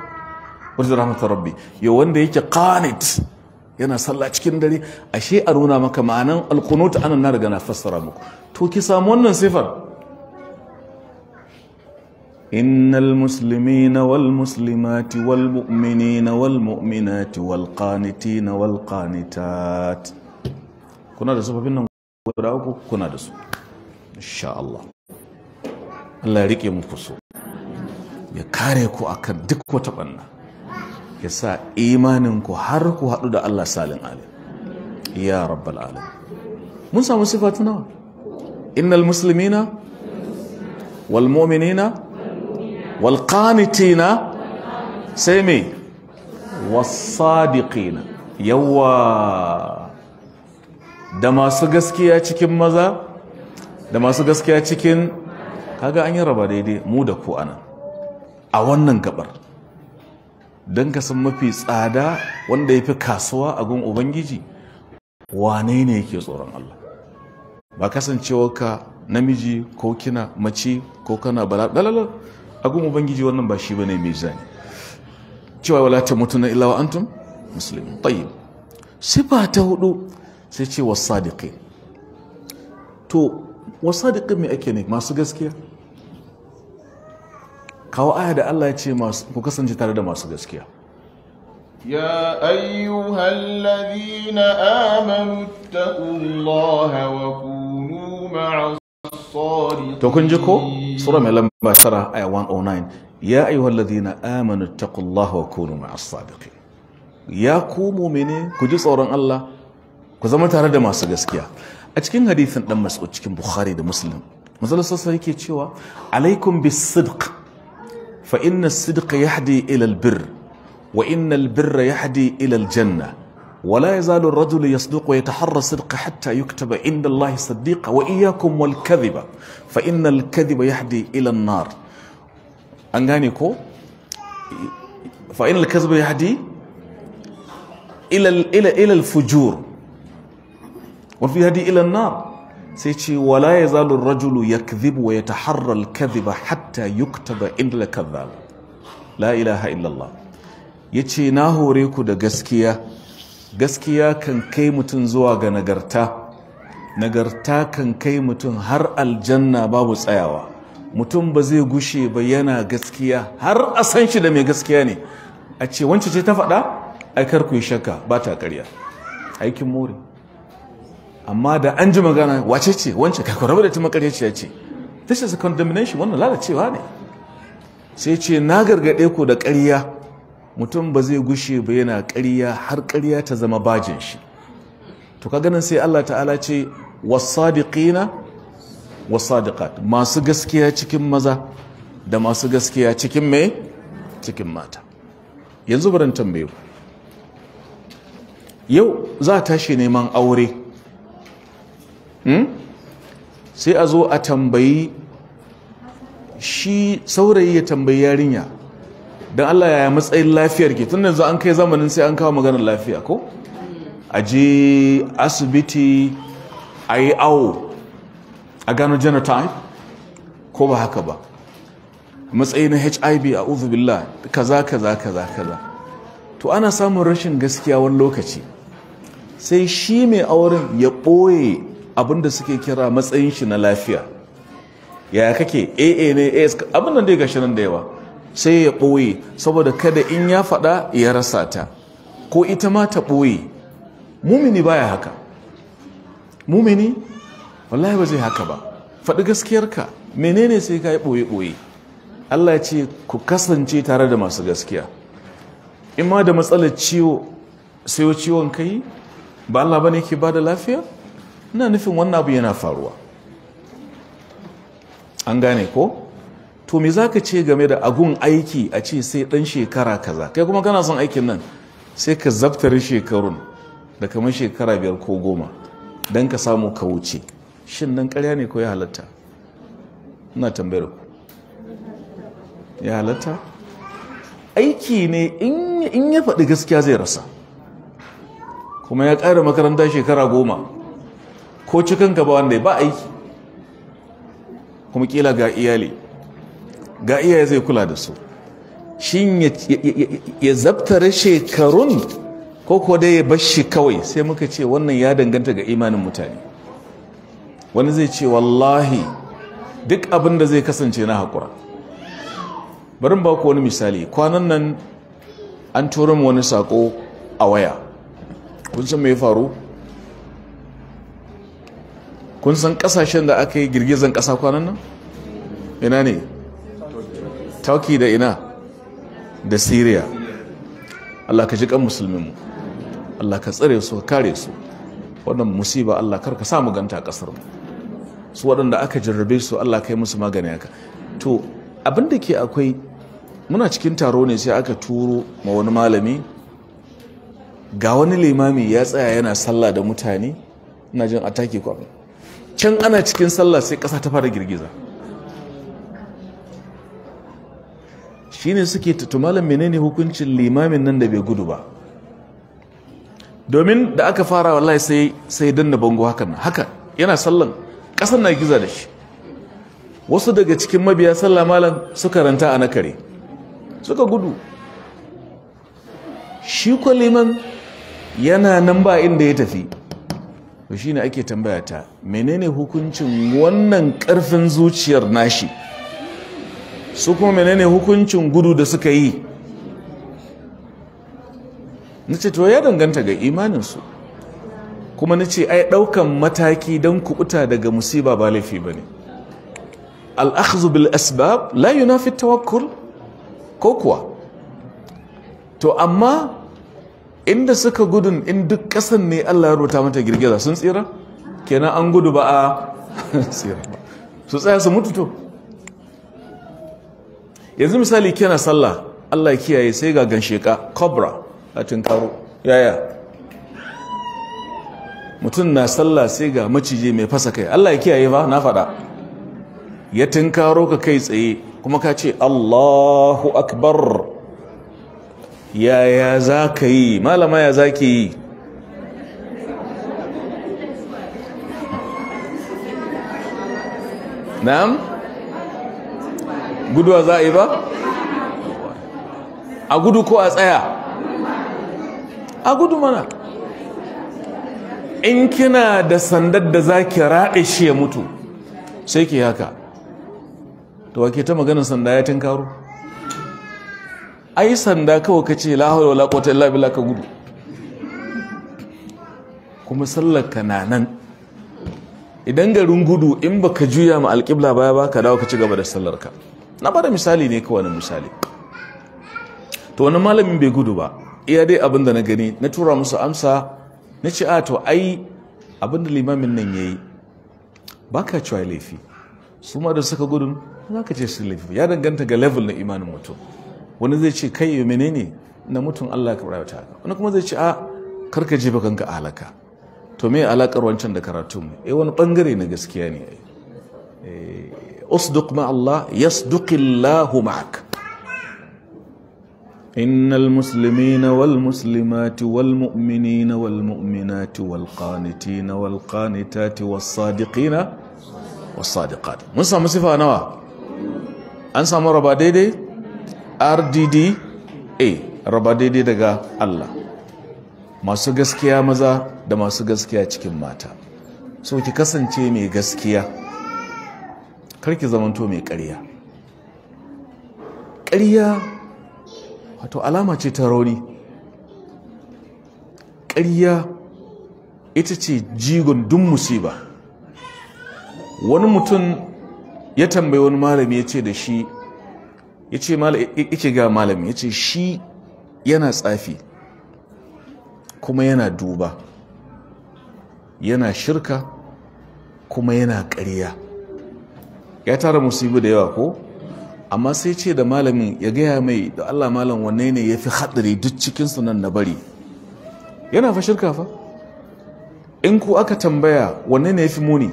wajen rahmatar rabbi yau wanda yake qanit yana sallah cikin dare ashe a nuna maka ma'anan alkunut anan na riga na fassara muku to ki samu wannan sifar إن المسلمين والمسلمات والمؤمنين والمؤمنات والقانتين والقانتات كنا دسو فبنا Allah كنا دسو إن شاء الله الله يريك يمكسو يكاريكو أكن دكو تبنى ya sa imaninku har ku haɗu da Allah salin alim ya rabbal alim mun samu sifatu nawa innal muslimina wal mu'minina wal qanitina sai me was sadiqina yawa da masu gaskiya cikin maza da masu gaskiya cikin kaga an yi raba daidai mu da ku ana. a wannan gabar don ka san mafi tsada wanda ya fi kasuwa a gun ubangiji wane ne yake tsoron Allah ba kasancewa ka namiji ko kina mace ko kana bala dalalar a gun ubangiji wannan ba shi bane mai zani cewa wala ta mutu na ilawa antum muslim tayyib sifa ta hudu sai ce wasadiqin to wasadiqin me ake ne masu gaskiya kawo aya da Allah ya ce ku kasance tare da masu gaskiya يا أيها الذين آمنوا اتقوا الله وكونوا مع الصادقين تكون جكو سورة ملم بسرة آية 109 يا أيها الذين آمنوا اتقوا الله وكونوا Ya الصادقين يا oh ku ji tsoron Allah ku zama tare da masu gaskiya a cikin hadisin dan Mas'ud cikin Bukhari da Muslim manzo sallallahu alaihi wasallam yake cewa alaikum bis sidq فإن الصدق يهدي إلى البر وإن البر يهدي إلى الجنة ولا يزال الرجل يصدق ويتحرى الصدق حتى يكتب عند الله صديقا وإياكم والكذب فإن الكذب يهدي إلى النار أنغانيكو فإن الكذب يهدي إلى إلى إلى الفجور وفي هدي إلى النار sai ce wala ya zalu rajulu ya kadhibu wa ya taharral kadhiba hatta yuktaba inda kadhab la ilaha illallah ya ce na hore ku da gaskiya gaskiya kan kai mutum zuwa ga nagarta nagarta kan kai mutum har aljanna babu tsayawa mutum ba zai gushe ba yana gaskiya har a san shi da mai gaskiya ne a ce wance ce ta faɗa aikar ku yi shakka ba ta karya aikin more amma da an ji magana wace ce wance kakwa rabu da ta makaryaciya ce this is a condemnation wannan lalacewa ne sai ce na gargaɗe ku da ƙarya mutum ba zai gushe ba yana ƙarya har ƙarya ta zama bajin shi to ka ganin sai Allah ta'ala ce wasadiqina wasadiqat masu gaskiya cikin maza da masu gaskiya cikin mai cikin mata yanzu barin tambayo yau za tashi neman aure Hmm? sai a zo a tambayi shi saurayi ya tambayi yarinya don Allah ya matsayin lafiyar ke tun yanzu an kai zamanin sai an kawo maganar lafiya ko a je asibiti a yi awo a gano genotype ko ba haka ba matsayi na hiv a uzubillah kaza kaza kaza kaza to ana samun rashin gaskiya wani lokaci sai shi mai auren ya ɓoye abin da suke kira matsayin shi na lafiya yaya kake aa ne as abin nan dai gashi nan da yawa sai ya ɓoye saboda kada in ya faɗa ya rasa ta ko ita ma ta ɓoye mumini baya haka mumini wallahi ba zai haka ba faɗi gaskiyarka menene sai ka yi ɓoye-ɓoye allah ce ku kasance tare da masu gaskiya in ma da matsalar ciwo sai ciwon kai ba allah ba ne ke ba da lafiya ina nufin wannan abu yana faruwa an gane ko to me zaka ce game da agun aiki a ce sai dan shekara kaza kai kuma kana son aikin nan sai ka zaftare shekarun da kamar shekara biyar ko goma don ka samu ka wuce shin nan karya ne ko ya halatta ina tambayar ku ya halatta aiki ne in ya faɗi gaskiya zai rasa kuma ya ƙara makaranta shekara goma ko cikin gaba ba wanda ba aiki kuma kila ga iyali ga iyaye zai kula da su shin ya zabtare shekarun ko ko dai ya bar shi kawai sai muka ce wannan ya danganta ga imanin mutane wani zai ce wallahi duk abin da zai kasance na haƙura barin ba ku wani misali kwanan nan an turo mu wani sako a waya kun san mai faru kun san kasashen da aka yi girgizan kasa kwanan nan ina ne turkey da ina da syria allah ka ji kan musulminmu allah ka tsare su ka kare su wannan musiba allah kar ka samu ganta ƙasarmu. su waɗanda aka jarrabe su allah ka yi musu magani haka to abinda ke akwai muna cikin taro ne sai aka turo ma wani malami ga wani limami ya tsaya yana sallah da mutane ina jin ataki kwamfani can ana cikin sallah sai ƙasa ta fara girgiza shi ne suke tutumalan menene hukuncin limamin nan da bai gudu ba domin da aka fara wallahi sai sai danna bango hakan haka yana sallan ƙasar na giza da shi wasu daga cikin mabiya sallah malam suka ranta a nakare suka gudu shi ko yana nan ba inda ya tafi to shine ake tambaya ta menene hukuncin wannan karfin zuciyar nashi su kuma menene hukuncin gudu da suka yi nace to ya danganta ga imaninsu kuma nace ai daukan mataki don kubuta daga musiba ba laifi bane al-akhdhu bil asbab la yunafi tawakkul ko kuwa to amma inda suka gudun in duk kasan ne Allah ya rubuta mata girgiza sun tsira kenan an gudu ba a [laughs] tsira su tsaya su mutu to yanzu misali kena sallah Allah kiyaye sai ga gansheka cobra a tinkaro yaya mutum na sallah sai ga maciji mai fasa kai Allah ya kiyaye ba na faɗa ya tinkaro ka kai tsaye kuma ka ce Allahu akbar yaya za ka yi malama ya za ki yi na'am guduwa za a yi ba a gudu ko a tsaya a gudu mana in kina da sandar da za ki raɗe shi ya mutu sai ki haka to wa ke ta maganin sanda ya karo? ai sanda kawai ka ce la hawla wala ka gudu kuma sallar na nan idan garin gudu in baka juya ma alƙibla baya ba ka dawo ka ci gaba da sallar ka na bada misali ne kawai misali to wani malamin bai gudu ba iya dai abinda na gani na tura musu amsa na ce a to ai abinda limamin nan ya yi ba ka cewa laifi su ma da suka gudun za ka ce su laifi ya danganta ga level na imanin mutum wani zai ce kai yau menene na mutum Allah ka rayuwa haka wani kuma zai ce a karka je bakan ka alaka. to me alakar wancan da karatun eh wani bangare na gaskiya ne eh usduq ma Allah yasduqillahu ma'ak إن المسلمين والمسلمات والمؤمنين والمؤمنات والقانتين والقانتات والصادقين والصادقات من سامو صفة نوا An سامو raba ديدي rdda raba daidai daga allah masu gaskiya maza da masu gaskiya cikin mata so ki kasance mai gaskiya karki zamanto mai ƙarya ƙarya wato alama ce ta rauni ƙarya ita ce jigon dun musiba wani mutum ya tambayi wani malami ya ce da shi yace yace ga malami yace shi yana tsafi kuma yana duba yana shirka kuma yana karya. ya tara musibu da yawa ko amma sai ce da malamin ya gaya mai da Allah malam wanne ne ya fi haɗari duk cikin nan na bari yana fa shirka fa in ku aka tambaya wanne ne ya fi muni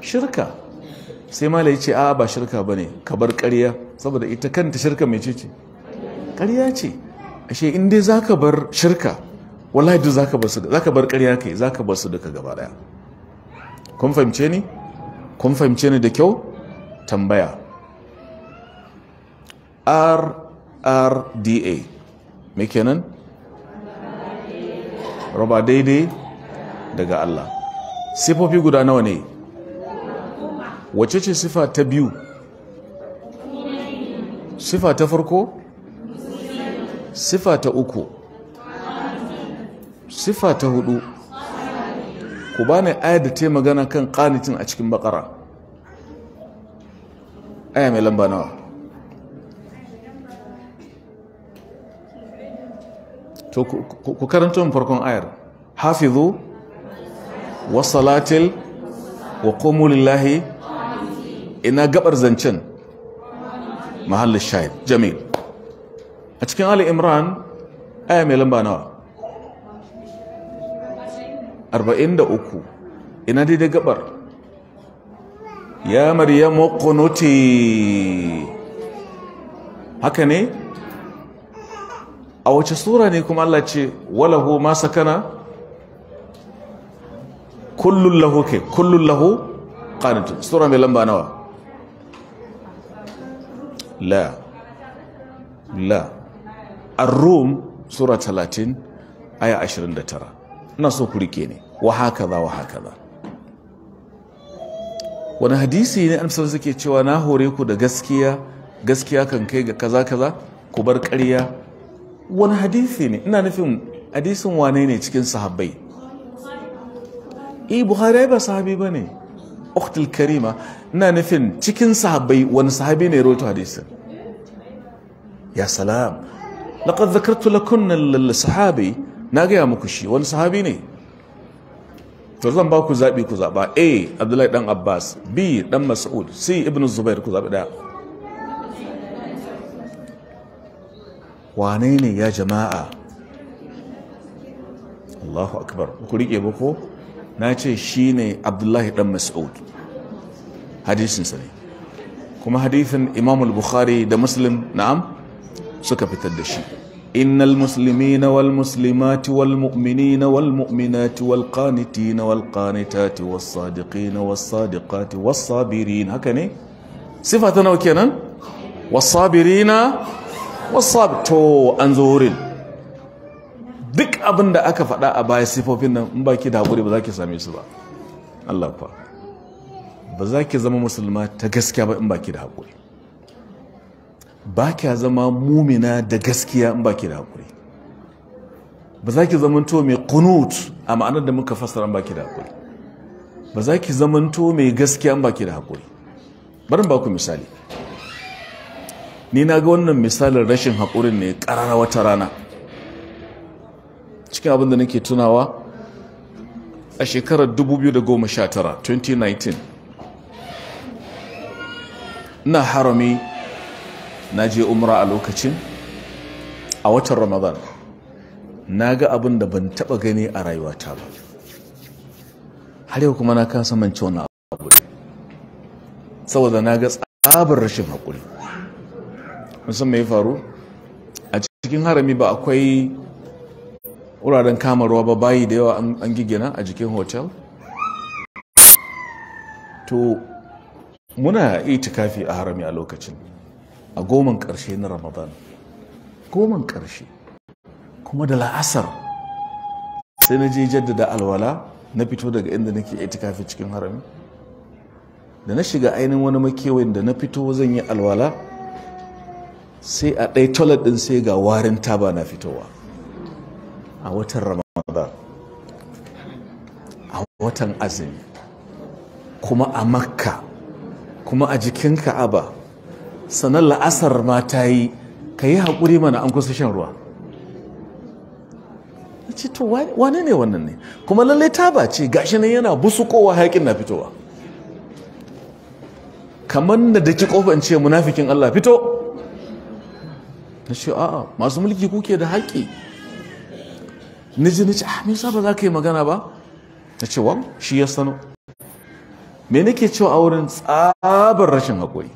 shirka sai mala ya ce a ba shirka ba ne ka bar karya saboda ita kanta shirka mai ce Karya ce ashe in dai za ka bar shirka wallahi duk za ka bar karya kai za ka bar su duka gaba daya kun fahimce ni kun fahimce ni da kyau tambaya rrda me kenan raba daidai daga allah sifofi guda nawa ne wace ce sifa ta biyu sifa ta farko sifa ta uku sifa ta hudu ku bani aya da ta magana kan kanitin a cikin bakara aya mai lamba nawa to ku karanta farkon ayar hafizu wasalatil wa qumu lillahi ina gabar zancen mahallin shahid jamil a cikin ali imran aya mai lamba nawa 43 ina daidai gabar ya maryamu qunuti haka ne a wace sura ne kuma Allah ce walahu ma sakana kullun lahu ke kullun lahu qanitun sura mai lamba nawa la la ar sura 30 aya 29 ina so ku rike ne wa wa wani hadisi ne an sarsa suke cewa na hore ku da gaskiya gaskiya kan kai ga kaza kaza ku bar ƙarya wani hadisi ne ina nufin hadisin wane ne cikin sahabbai eh buhari ba sahabi bane ukhtul karima ina nufin cikin sahabbai wani sahabi ne rawaito hadisin ya salam laqad dhakartu lakum al-sahabi na gaya muku shi wani sahabi ne to zan ba ku zaɓi ku zaɓa a abdullahi dan abbas b dan mas'ud c ibn zubair ku zaɓi ɗaya ya jama'a akbar ku riƙe ba na ce shi ne abdullahi dan mas'ud hadisin sa ne kuma hadisin imam bukhari da muslim na'am suka fitar da shi innal muslimina wal muslimati wal mu'minina wal mu'minati wal qanitina wal qanitati was sadiqina was sadiqati was sabirin haka ne sifa ta nawa kenan was sabirina was sab to an zo wurin duk abin da aka faɗa a baya sifofin nan in baki da haƙuri ba za ki same su ba Allah fa ba za ki zama musulma ta gaskiya ba in baki da haƙuri ba kya zama mumina da gaskiya in baki da haƙuri ba za ki zamanto mai kunut a ma'anar da muka fassara in baki da haƙuri ba za ki zamanto mai gaskiya in baki da haƙuri barin ba ku misali ni na ga wannan misalin rashin haƙurin ne ƙararrawa wata rana cikin abin da nake tunawa a shekarar 2019 2019 na harami na je umra a lokacin a watan ramadan na ga abin da ban taba gani a rayuwata ba har yau kuma na kasa mance wani abu saboda na ga tsabar rashin haƙuri musamman ya faru a cikin harami ba akwai wuraren kama ruwa ba bayi da yawa an gigina a jikin hotel to muna itikafi a harami a lokacin a goman ƙarshe na ramadan goman ƙarshe kuma da la'asar sai na je jaddada alwala na fito daga inda nake itikafi cikin harami da na shiga ainihin wani makewayin da na fito zan yi alwala sai a ɗai toilet ɗin sai ga warin taba na fitowa a watan ramadan a watan azumi kuma a makka kuma a jikin ka'aba sanar la'asar ma ta yi ka yi haƙuri mana an kusa shan ruwa ce to wane ne wannan ne kuma lallai ta ce gashi nan yana busukowa haƙin na fitowa kamar da daki ƙofar ce munafikin Allah fito na ce a'a masu mulki kuke da haƙi na ji na ce ah me ba za ka yi magana ba na ce wam shi ya sano me nake cewa a wurin tsabar rashin haƙuri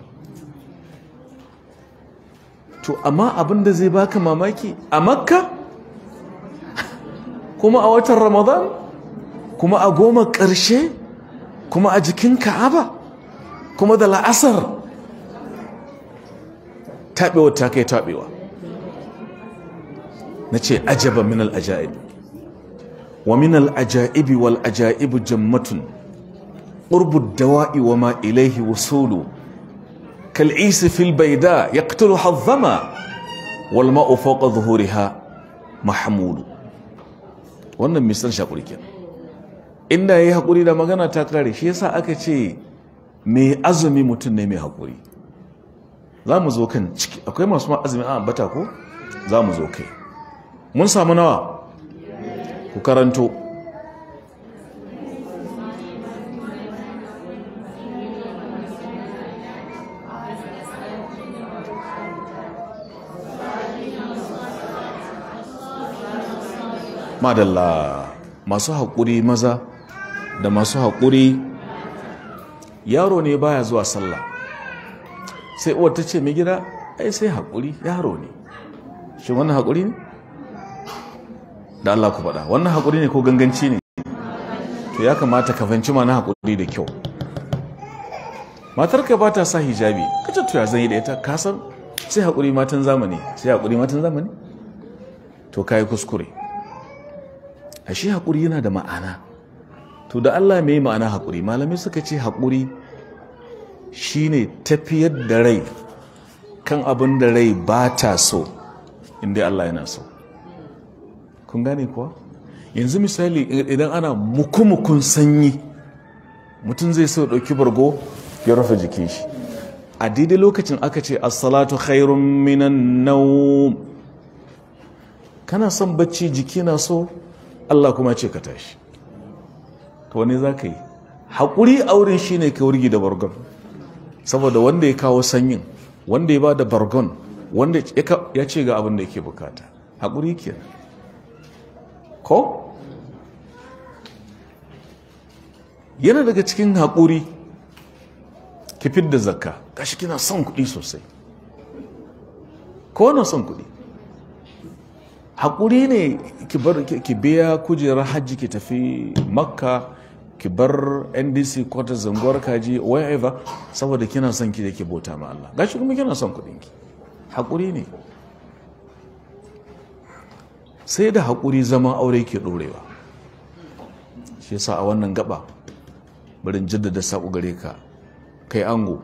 to amma abin da zai baka mamaki a makka [laughs] kuma a watan ramadan kuma a goma ƙarshe kuma a jikin ka'aba kuma da la'asar taɓewa ta kai taɓewa na ce ajaba min al'aja'ibi wa min al-ajaibi wal jammatun qurbu da dawai wa ma ilaihi wusulu kal isi fil bayda yaqtulu hadhama wal ma'u fawqa wannan misan shakuri kenan inda yayi hakuri da magana ta kare shi yasa aka ce mai azumi mutum ne mai hakuri za mu zo kan ciki akwai masu ma azumi a ko za mu zo kai mun samu nawa ku karanto madalla masu haƙuri maza da masu haƙuri yaro ne baya zuwa sallah sai uwar ta ce mai gida ai sai haƙuri yaro ne shi wannan haƙuri ne da Allah ku faɗa wannan haƙuri ne ko ganganci ne to ya kamata ka fahimci mana haƙuri da kyau matarka ba ta sa hijabi ka ce to ya zan yi da ita ka san sai haƙuri matan zamani sai haƙuri matan zamani to kai kuskure ashe haƙuri yana da ma'ana to da Allah mai ma'ana haƙuri malamai suka ce haƙuri shine tafiyar da rai kan abin da rai ba ta so inda Allah yana so kun gane kuwa yanzu misali idan ana muku-mukun sanyi mutum zai so ɗauki bargo ya rufe jikin shi a daidai lokacin aka ce assalatu khairun minan nau kana son bacci jiki na so Allah kuma ce ka tashi to wani za ka yi haƙuri auren shi ne ka wurgi da bargon saboda wanda ya kawo sanyin wanda ya ba da bargon wanda ya ce ga abin da yake bukata haƙuri kenan ko yana daga cikin haƙuri ki fidda zakka gashi kina son kuɗi sosai ko na son kuɗi haƙuri ne ki biya kujerar hajji ki tafi makka ki bar ndc ko ta zanguwar kaji wherever saboda kina son ki da ki bota ma Allah gashi kuma kina son kuɗinki haƙuri ne sai da haƙuri zaman aure ke ɗorewa shi sa a wannan gaba barin jaddada saƙo gare ka kai ango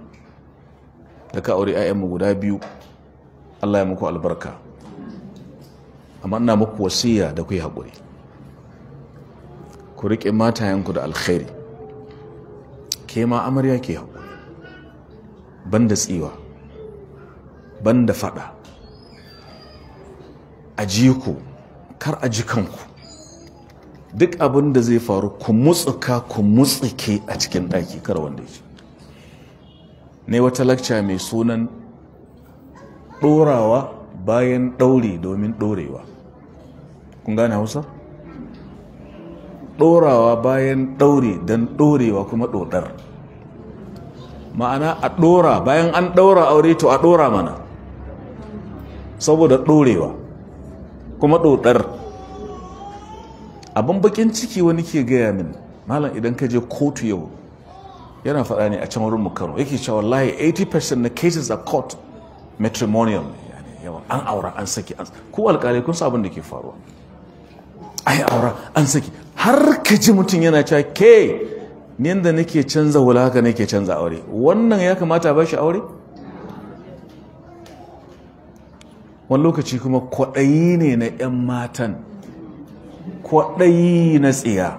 da ka aure mu guda biyu allah ya muku albarka amma ina muku wasiya da ku yi haƙuri ku riƙe matayenku da alkhairi ke ma amarya ke haƙuri ban da tsiwa ban da faɗa a ku kar a ji kanku duk abin da zai faru ku mutsuka ku mutsuke a cikin ɗaki kar wanda ya ne wata lakca mai sunan ɗorawa bayan ɗaure domin ɗorewa kun gane hausa ɗorawa bayan ɗaure don ɗorewa kuma ɗoɗar ma'ana a ɗora bayan an ɗaura aure to a ɗora mana saboda ɗorewa kuma ɗoɗar abin bakin ciki wani ke gaya min malam idan ka je kotu yau yana faɗa ne a can wurin kano yake cewa wallahi 80% na cases a court matrimonial yawa an aura an saki an ku alƙalai kun sabon da ke faruwa ai aura an saki har ka ji mutum yana cewa ke ni da nake canza wula haka nake canza aure wannan ya kamata ba shi aure wani lokaci kuma kwaɗayi ne na 'yan matan kwaɗayi na tsiya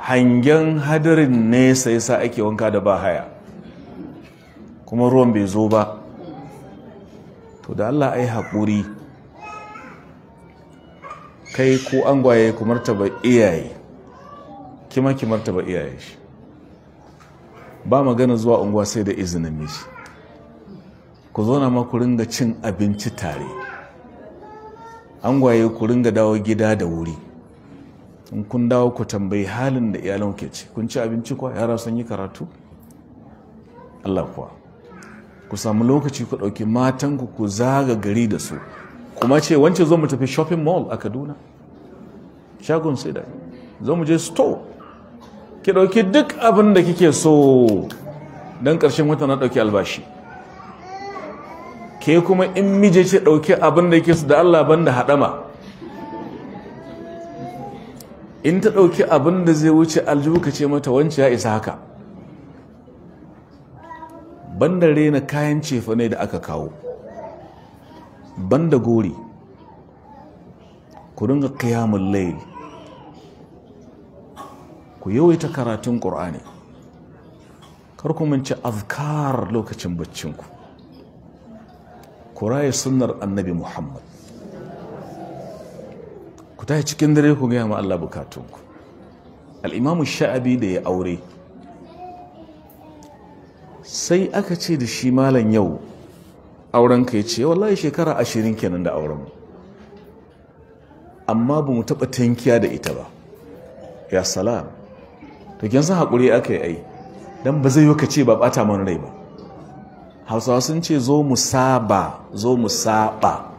hangen hadarin nesa yasa ake wanka da ba haya kuma ruwan bai zo ba to da Allah ai haƙuri kai ko an gwaye ku martaba iyaye kima ki martaba iyaye shi ba magana zuwa unguwa sai da izinin mishi ku zo na ma ku ringa cin abinci tare an gwaye ku ringa dawo gida da wuri in kun dawo ku tambayi halin da iyalan ke ci kun ci abinci kuwa yara sun yi karatu Allah kuwa ku samu lokaci ku ɗauki matanku ku zaga gari da su kuma ce wance zo mu tafi shopping mall a kaduna shagon sai da zo mu je store ki ɗauki duk abin da kike so don ƙarshen wata na ɗauki albashi ke kuma in mije ce ɗauki abin da yake su da Allah ban da haɗama in ta ɗauki abin da zai wuce aljihu ka ce mata wance ya isa haka banda rena kayan cefa ne da aka kawo banda gori ku dinga kiyamun lai ku yawaita karatun ƙur'ani kar ku manci azkar lokacin baccinku ku sunnar annabi muhammad ku tashi cikin dare ku gaya ma allah bukatunku al'imamu sha'abi da ya aure sai aka ce da shi malam yau auren ka ya ce wallahi shekara ashirin kenan da auren amma ba mu taɓa tankiya da ita ba ya salam to kyan san haƙuri aka yi ai don ba zai yi ka ce ba bata mana rai ba hausawa sun ce zo mu saba zo mu saba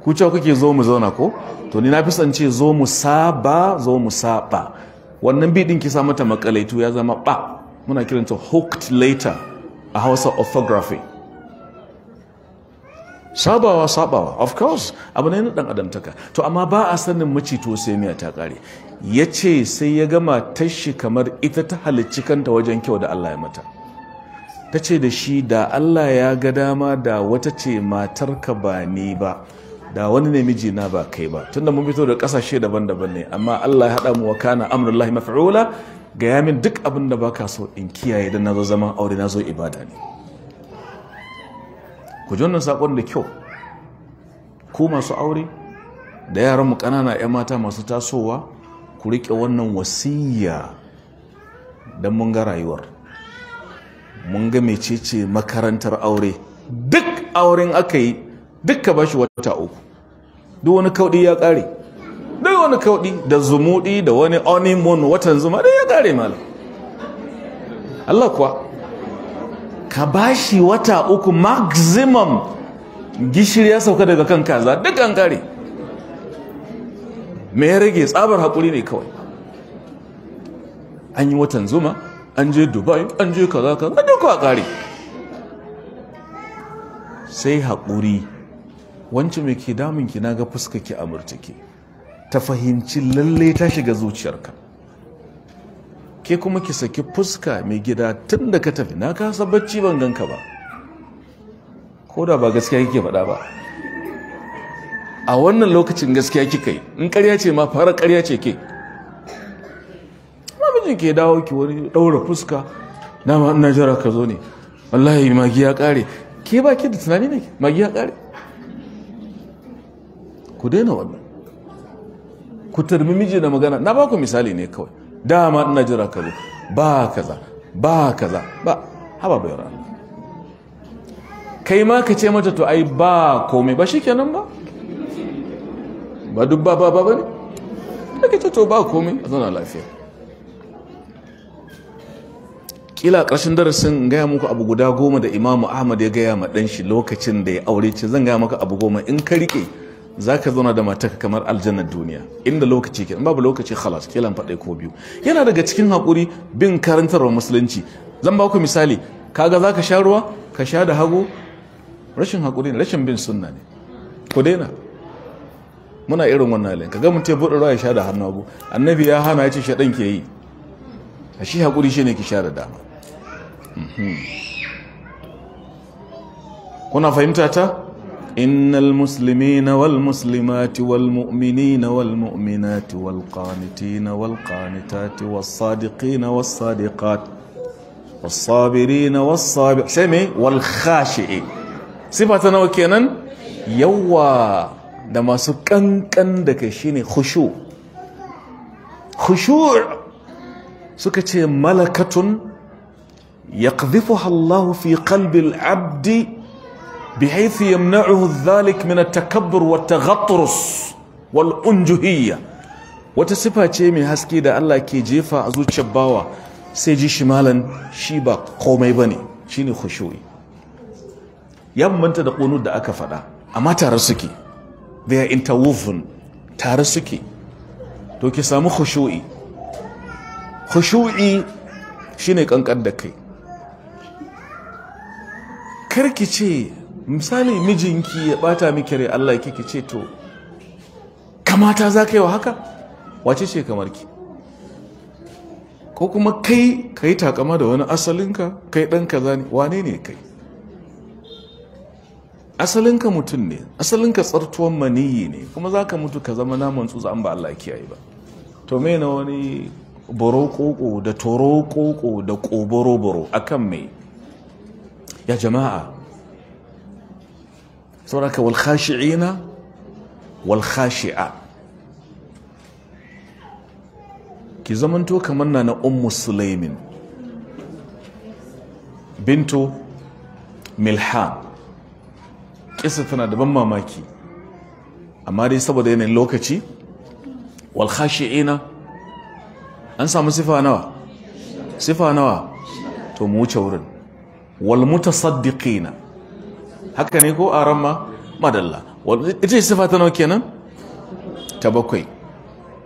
ku cewa kuke zo mu zauna ko to ni na fi son ce zo mu saba zo mu saba wannan bidin kisa mata makalaitu ya zama ba muna kiranta hooked later a hausa orthography sabawa sabawa of course abu ne na dan adamtaka to amma ba a sanin to sai miya ta kare ya ce sai ya gama tashi kamar ita ta halicci kanta wajen kyau da Allah ya mata ta ce da shi da Allah ya ga dama da wata ce matarka ba ni ba da wani ne mijina ba kai ba tunda mun fito da ƙasashe daban-daban ne amma Allah ya haɗa mu wa kana amrullahi maf'ula ga yamin duk abin da baka so in kiyaye dan nazo zaman aure nazo ibada ne ku ji wannan sakon da kyau ku masu aure da yaran mu ƙanana 'yan mata masu tasowa ku riƙe wannan wasiya don mun ga rayuwar mun ga mecece makarantar aure duk auren aka yi duk ka bashi wata uku duk wani kaudi ya kare. duk wani kaudi da zumudi da wani onimun watan zuma da ya kare malam Allah kuwa ka bashi wata uku maximum gishiri ya sauka daga kan kaza duk an kare. me ya rage tsabar haƙuri ne kawai an yi watan zuma an je dubai an je kaza kaza duka kare sai haƙuri wancan mai ke damun ki na ga ki a murtake ta fahimci lalle ta shiga zuciyarka ke kuma ki saki fuska mai gida tun da ka tafi na kasa bacci ban ganka ba ko da ba gaskiya kike faɗa ba a wannan lokacin gaskiya kika yi in ƙarya ce ma fara ƙarya ce ke mijin ke dawo ki wani daura fuska ma ina jira ka zo ne wallahi magi ya kare ke ba ki da tunani ne magi ya kare ku daina wannan ku tarbi miji da magana na ba ku misali ne kawai dama ina jira ka zo ba kaza ba kaza ba haba bai rana kai ma ka ce mata to ai ba komai ba shikenan ba ba duk ba ba ba ne ake ce to ba komai a zana lafiya kila ƙarshen darasin gaya muku abu guda goma da imamu ahmad ya gaya ma ɗan shi lokacin da ya aure ce zan gaya maka abu goma in ka riƙe za ka zauna da mataka kamar aljannar duniya inda lokaci ke babu lokaci halas kila faɗai ko biyu yana daga cikin haƙuri bin karantarwar musulunci zan ba ku misali kaga za ka sha ruwa ka sha da hagu rashin haƙuri rashin bin sunna ne ku daina muna irin wannan halin kaga mutum ya buɗe ruwa ya sha da hannu hagu annabi ya hana ya ce shaɗan ke yi a shi haƙuri shi ne ki sha da dama kuna fahimta ta innal muslimina wal muslimati wal mu'minina wal mu'minati wal qanitina wal qanitati was sadiqina was sadiqat was sabirina was sabi sai wal khashi'i sifata nawa kenan yawa da masu kankan da kai shine khushu khushu suka ce malakatun يقذفها الله في قلب العبد بحيث يمنعه ذلك من التكبر والتغطرس والأنجهية وتصفها تشيمي هسكي دا الله كي جيفا أزو تشباوا سيجي شمالا شيبا قومي بني شيني خشوي يام من تدقونو دا أكفدا أما تارسكي they are interwoven تارسكي to ki samu khushu'i khushu'i shine kankan da kai karki ce misali mijinki ya bata miki rai Allah kike ce to kamata za ka yi wa haka wace ce kamar ki ko kuma kai ka yi takama da wani asalinka kai ɗan ka ne wane ne kai asalinka mutum ne asalinka tsartuwan maniyi ne kuma za ka mutu ka zama naman tsutsa an ba Allah kiyaye ba to mai na wani boro koko da toro koko da koboro boro akan mai ya jama'a sauraka walkhashi'ina walkhashi'a ki zamanto kamar na na ummu sulaimin bintu milhan Ƙisa tana da ban mamaki amma dai saboda yanayin lokaci walkhashi'ina an samu sifa nawa sifa to mu wuce wurin والمتصدقين هكا نيكو ارما مدلا ايتي صفات نو كينن تبوكاي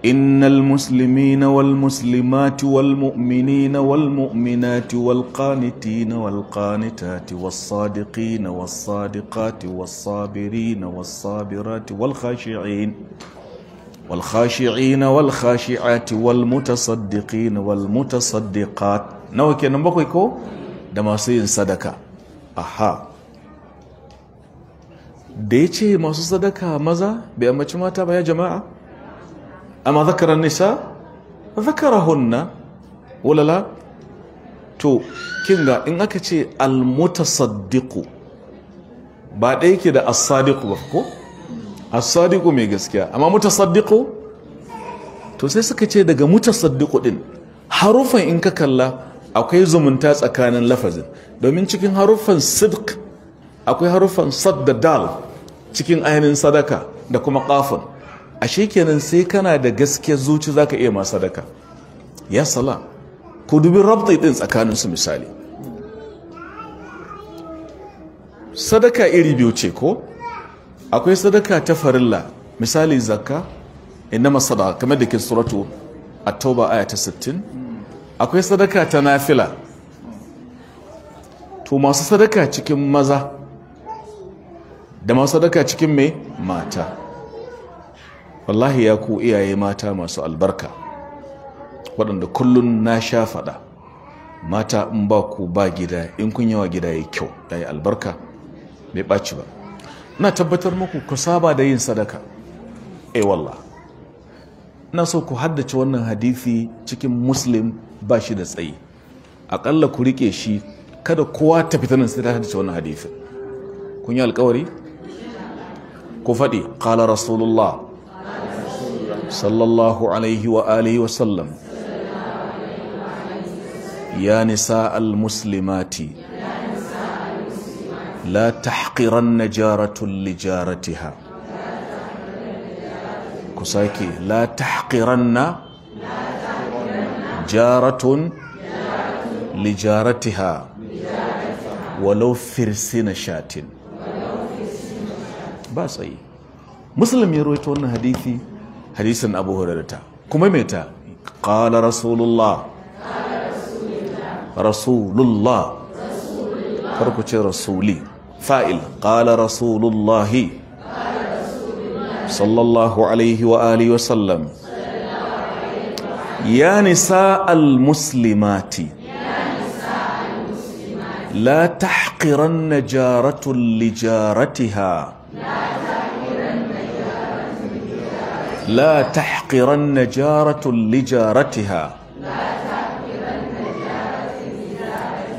ان المسلمين والمسلمات والمؤمنين والمؤمنات والقانتين والقانتات والصادقين والصادقات والصابرين والصابرات والخاشعين والخاشعين والخاشعات والمتصدقين والمتصدقات نو كينن بوكاي da masu yin sadaka aha da ya ce masu sadaka maza bai amince mata ba ya jama'a amma zakarar nisa hunna walala to kinga in aka ce Sadiku, ba ɗaya ke da asadiku ba ko asadiku mai gaskiya amma sadiku. to sai suka ce daga sadiku din harufan in ka kalla akwai zumunta tsakanin lafazin domin cikin haruffan sidq akwai haruffan sad da dal cikin ainihin sadaka da kuma kafin a shekenan sai kana da gaske zuci za ka iya ma sadaka ya sala ku dubi rabtai din su misali sadaka iri biyu ce ko akwai sadaka ta farilla misali zakka inna masada kamar da ke suratu at-tauba aya ta 60 akwai sadaka ta nafila to masu sadaka cikin maza da masu sadaka cikin mai mata wallahi ya ku iyaye mata masu albarka waɗanda kullum na sha faɗa mata in ba ku ba gida in kun yawa gida ya kyau ya yi albarka bai ɓaci ba na tabbatar muku ku saba da yin sadaka e eh wallah na so ku haddace wannan hadithi cikin muslim ba shi da tsayi aƙalla ku riƙe shi kada kowa ta fita nan sai ta haddace wannan hadisin kun yi alƙawari ku faɗi ƙala rasulullah sallallahu alaihi wa alihi wa sallam ya nisa al-muslimati la tahqiranna jaratun li ku sake la na jaratun lijaratiha walau firsina shatin ba tsayi muslim ya roito wannan hadithi hadisin abu hurairata kuma mai ta ƙala rasulullah rasulullah farko ce rasuli fa'il ƙala rasulullahi sallallahu alaihi wa alihi wasallam يا نساء المسلمات لا تحقرن جارة لجارتها لا تحقرن جارة لجارتها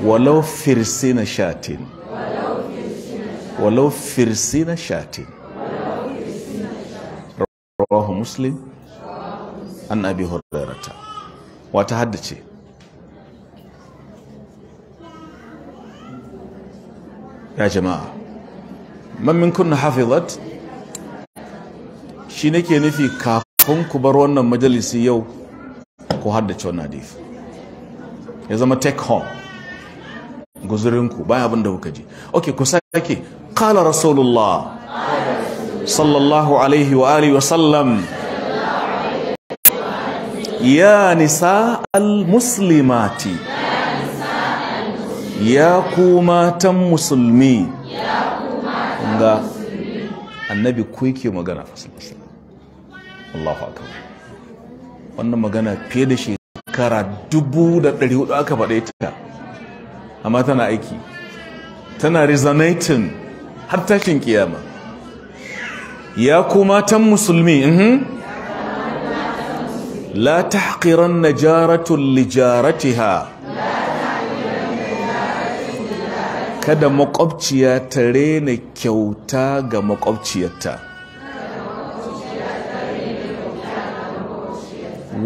ولو فرسين شات ولو فرسين شات رواه مسلم an abi horarata wata haddace ya jama'a man kunna hafizat shi nake nufi kafin ku bar wannan majalisi yau ku haddace wannan hadith ya zama take home guzurinku bayan abin da kuka ji ok ku sake qala rasulullah sallallahu alaihi wa alihi wa sallam ya nisa al-muslimati ya ku matan musulmi ga annabi ku yake magana Allahu akbar wannan magana fiye da shekara dubu da ɗari hudu aka faɗe ta amma tana aiki tana resonating har tashin kiyama ya ku matan musulmi la تحقرن jaratun lijaratiha kada makwabciya ta rena kyauta ga makwabciyarta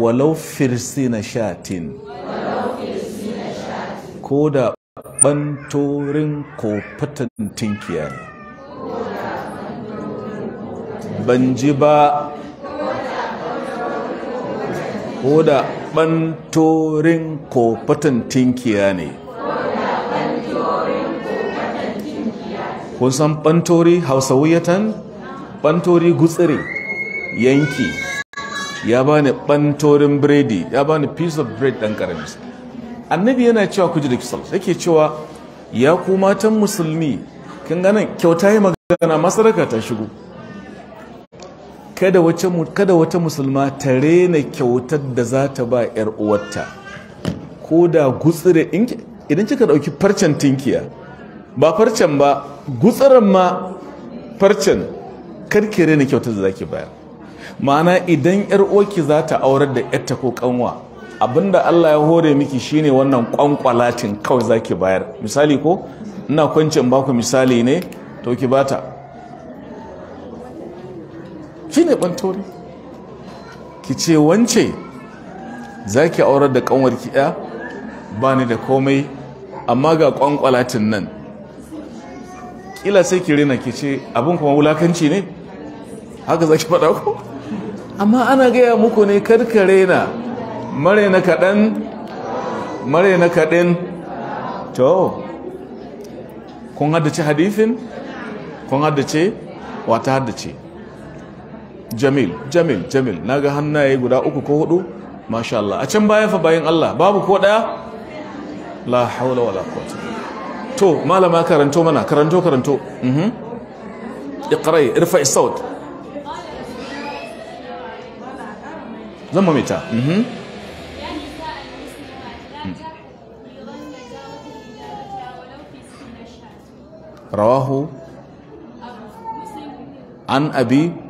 walau firsi na shatin ko da ɓantorin kofatan tinkiya ne ban ji ba ko da ɓantorin kofatan tinkiya ne kun san ɓantori hausa wuyatan ɓantori gutsiri yanki ya bani ɓantorin biredi ya bani piece of bread ɗan ƙarami annabi yana cewa ku ji da kisal yake cewa ya ku matan musulmi kin ganin kyauta yi magana masaraka ta shigo kada wata musulma ta rena kyautar da za ta ba 'yar uwarta ko da gutsire idan kika dauki farcen tinkiya ba farcen ba gutsiren ma farcen karki rena kyautar da zaki bayar ma'ana idan 'yar uwarki za ta aurar da 'yarta ko kanwa abinda Allah ya hore miki shine wannan kwankwalatin kawai zaki bayar misali ko ina kwancin baku misali ne to ki bata shi ne ɓantori ki ce wance za ki aurar da kanwar kiya ba ni da komai amma ga kwankwalatin nan ƙila sai ki rina ki ce abin kuma wulakanci ne haka za ki faɗa ku. amma ana gaya muku ne karkare na mare na kaɗan mare na kaɗin to kun haddace hadifin kun haddace wata haddace jamil jamil jamil na ga hannaye guda uku ko hudu masha Allah a can bayan fa bayan Allah babu ko daya la haula wala quwwata to malama karanto mana karanto karanto mhm iqra'i irfa'i sawt zama mita mhm رواه عن أبي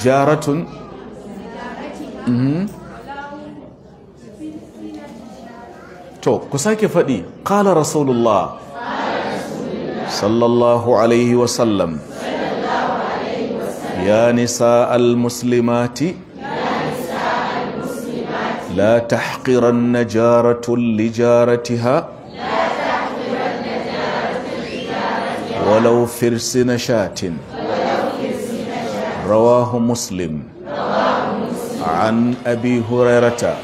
jaratun mhm. to ku sake faɗi ƙala rasulullah sallallahu alaihi wasallam ya nisa al-muslimati لا تحقرن جارة لجارتها ولو فرس نشاة رواه مسلم عن أبي هريرة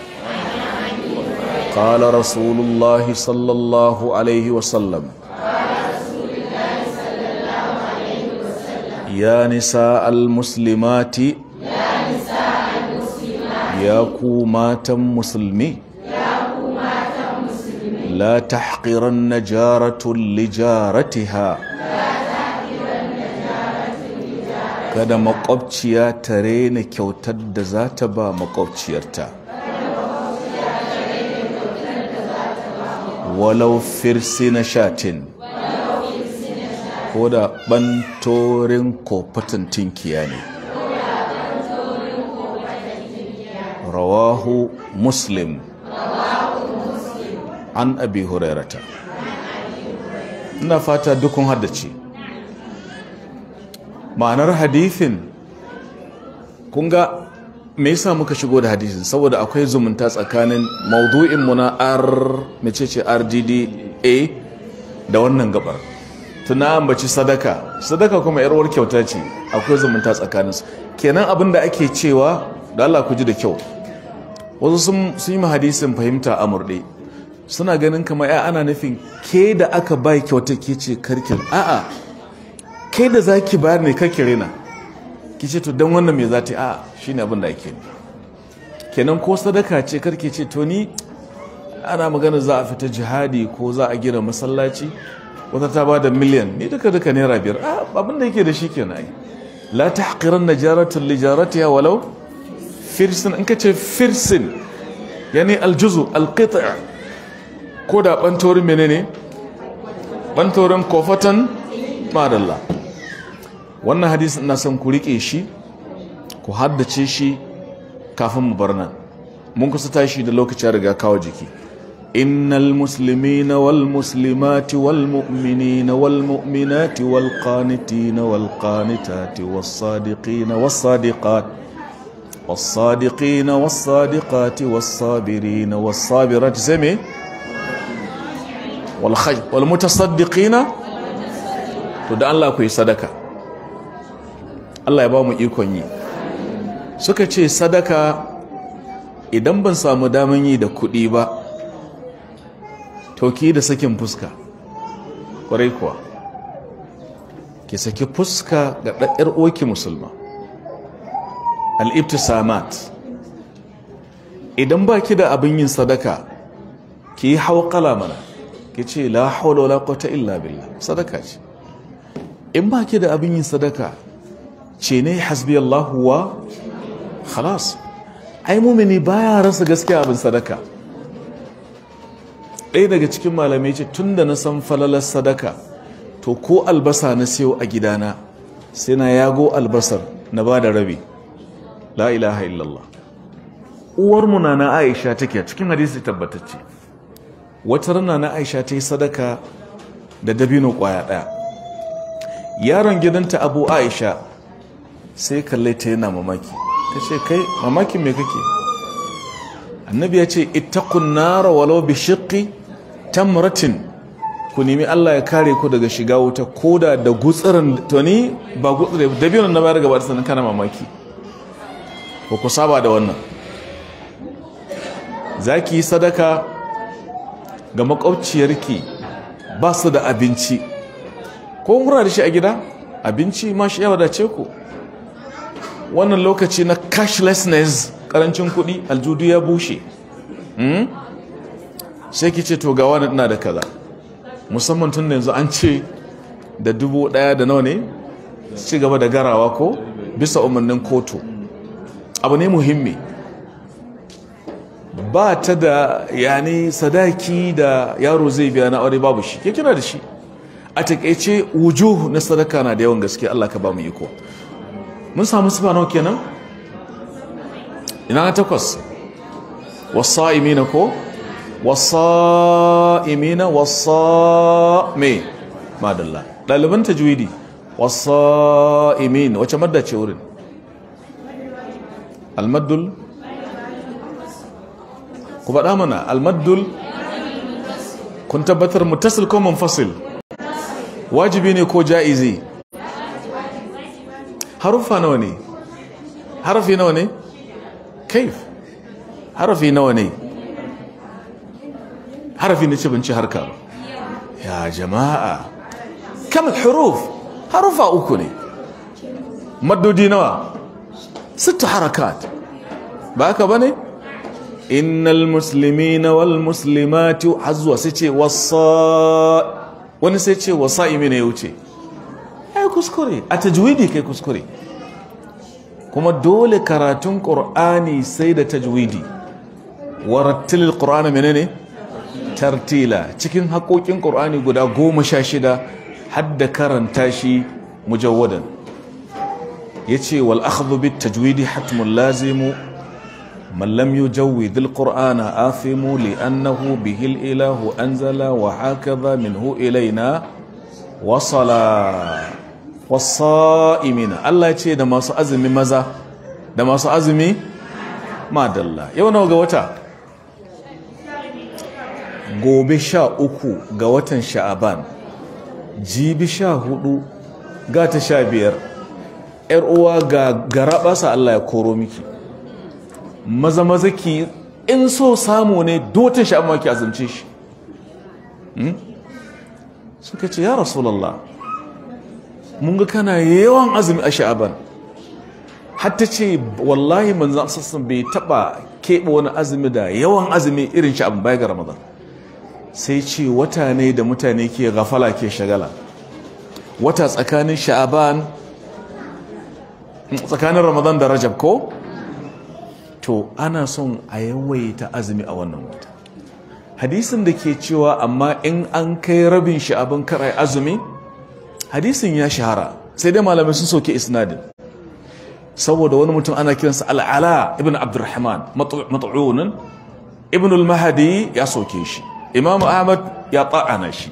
قال رسول الله صلى الله عليه وسلم يا نساء المسلمات يا كومات مسلمي لا تحقرن جارة لجارتها kada makwabciya ta raina kyautar da za ta ba makwabciyarta walau firsi na shatin ko da ɓantorin kofatan tinkiya ne rawahu muslim an abi hurairata ina fata dukun haddace ma'anar hadithin kunga ga me yasa muka shigo da hadisin saboda akwai zumunta tsakanin maudu'in mu na r mecece rdda da wannan gabar tuna ambaci sadaka sadaka kuma yarwar kyauta ce akwai zumunta tsakanin su kenan abin da ake cewa da Allah ku ji da kyau wasu sun yi hadisin fahimta a murɗe suna ganin kamar ya ana nufin ke da aka bai kyauta ke ce karkin a'a kai da za ki bayar ne kake rena ki ce to don wannan me za ta yi a shi ne abin da ake ne kenan ko sadaka ce karki ce to ni ana magana za a fita jihadi ko za a gina masallaci wata ta ba da miliyan ni duka duka naira biyar abin da yake da shi kenan ai la ta na najaratun lijaratiha walau firsin in ka ce firsin yani aljuzu alqita ko da bantorin menene ɓantorin kofatan madalla wannan hadisin ina son ku rike shi ku haddace shi kafin mu bar nan mun kusa tashi da lokacin riga kawo jiki innal muslimina wal muslimati wal mu'minina wal mu'minati wal qanitina wal qanitati was sadiqina was sadiqat was sadiqina was sadiqati was sabirina was sabirat zame wal khaj wal mutasaddiqina to da Allah ku yi sadaka Allah ya ba mu ikon yi suka ce sadaka idan ban samu daman yi da kuɗi ba toki da sakin fuska ƙwarai kuwa ki saki fuska ga ɗaɗɗar oki musulma samat idan ba ki da abin yin sadaka ki yi hauƙala mana ki ce la haula la kwata illa billah sadaka ce in ba ki da abin yin sadaka cene hasbi Allah wa khalas ai mumini baya rasa gaskiya abin sadaka ɗaya daga cikin malamai ce tun da na san falalar sadaka to ko albasa na siyo a gidana sai na yago albasar na ba da rabi la ilaha illallah Uwar mu na aisha take cikin hadisi tabbatacce wata rana na aisha ta yi sadaka da dabino kwaya ɗaya yaron gidanta abu aisha sai kalle ta yana mamaki ta ce kai mamakin me kake annabi ya ce ittaqun nara walau bi shiqqi tamratin ku nemi Allah ya kare ku daga shiga wuta Ko da gutsirin to ni ba gutsire da biyu na bayar gaba sanin kana mamaki ba ku saba da wannan zaki yi sadaka ga makwabciyarki ba su da abinci ko kuna da shi a gida abinci ma shi ya wadace ku wannan lokaci na cashlessness karancin kuɗi aljudu ya bushe hmm? sai ki ce to ga wani ina da kaza musamman tun da yanzu an ce da dubu ɗaya da nawa ne ci gaba da garawa ko bisa umarnin kotu abu ne muhimmi ba ta da yani sadaki da yaro zai biya na aure babu shi ke kina da shi a takaice wujuhu na sadaka na da yawan gaske Allah ka ba mu iko mun samu sifa nawa kenan ina na takwas wasa'imina ko wasa'imina wasa me madalla ɗaliban tajwidi wasa'imina wacce madda ce wurin almaddul ku faɗa mana almaddul kun tabbatar mutasil ko munfasil wajibi ne ko ja'izi haruffa nawa ne harafi nawa ne kaif harafi nawa ne harafi na ci binci harka ya jama'a Kamar huruf haruffa uku ne maddodi nawa sita harakat ba ka ba ne innal muslimina wal muslimati hazwa sai ce wasa wani sai ce wasa'imi ne ya wuce kuskure a tajwidi kai kuskure kuma dole karatun ƙur'ani sai da tajwidi warattilil ƙur'ani menene tartila cikin haƙoƙin ƙur'ani guda goma sha shida hadda karanta shi mujawwadan ya ce wal akhdhu bit tajwidi hatmun lazimu man lam yujawwid al qur'ana afimu li annahu bihi al ilahu anzala wa hakadha minhu ilaina wasala wasa'imina Allah ce da masu azumi maza da masu azumi madalla yau nawa ga wata gobe sha uku ga watan sha'aban jibi sha hudu ga ta sha biyar yar uwa ga garabasa Allah ya koro miki maza maza ki in so samu ne dotin sha'aban ki azumce shi hmm? suka ce ya rasulallah mun ga kana yawan azumi a sha'aban hatta ce wallahi manzan sassan bai taba keɓe wani azumi da yawan azumi irin sha'aban baya ga ramadan sai ce wata ne da mutane ke gafala ke shagala wata tsakanin sha'aban tsakanin ramadan da rajab ko to ana son a yawaita azumi a wannan wata hadisin da ke cewa amma in an kai rabin sha'aban karai azumi hadisin ya shahara sai dai malamai sun soke isnadin saboda wani mutum ana kiransa al'ala ibn abdurrahman mat'unin ibn al mahadi ya soke shi imam ahmad ya ta'ana shi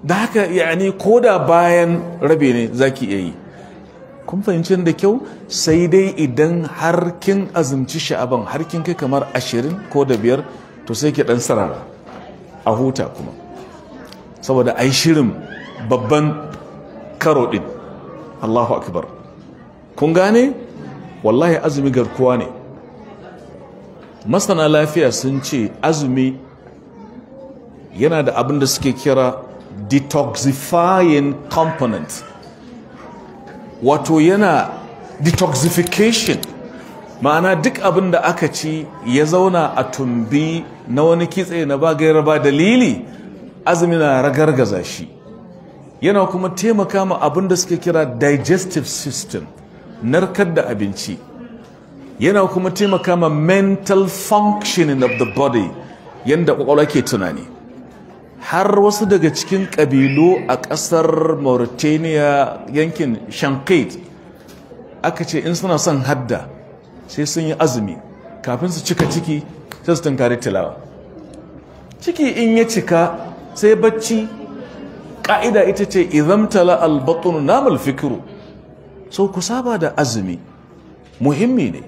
da haka yani da bayan rabe ne zaki iya yi kun fahimci da kyau sai dai idan har kin azumci sha'aban harkin kai kamar ashirin ko da biyar to sai ki dan sarara a huta kuma saboda ai shirin babban karo din Allahu akbar kun gane wallahi azumi garkuwa ne masana lafiya sun ce azumi yana da abin da suke kira detoxifying component wato yana detoxification ma'ana duk abin da aka ci ya zauna a tumbi na wani kitse na ba gaira ba dalili azumi na ragargaza shi yana kuma taimaka ma abin da suke kira digestive system narkar da abinci yana kuma taimaka ma mental functioning of the body yadda kwakwalwa ke tunani har wasu daga cikin ƙabilu a ƙasar mauritania yankin shankait aka ce in suna son hadda sai sun yi azumi kafin su cika ciki sai su tunkari tilawa ciki in ya cika sai bacci ka'ida ita ce idan tala albatun fikiru so ku saba da azumi muhimmi ne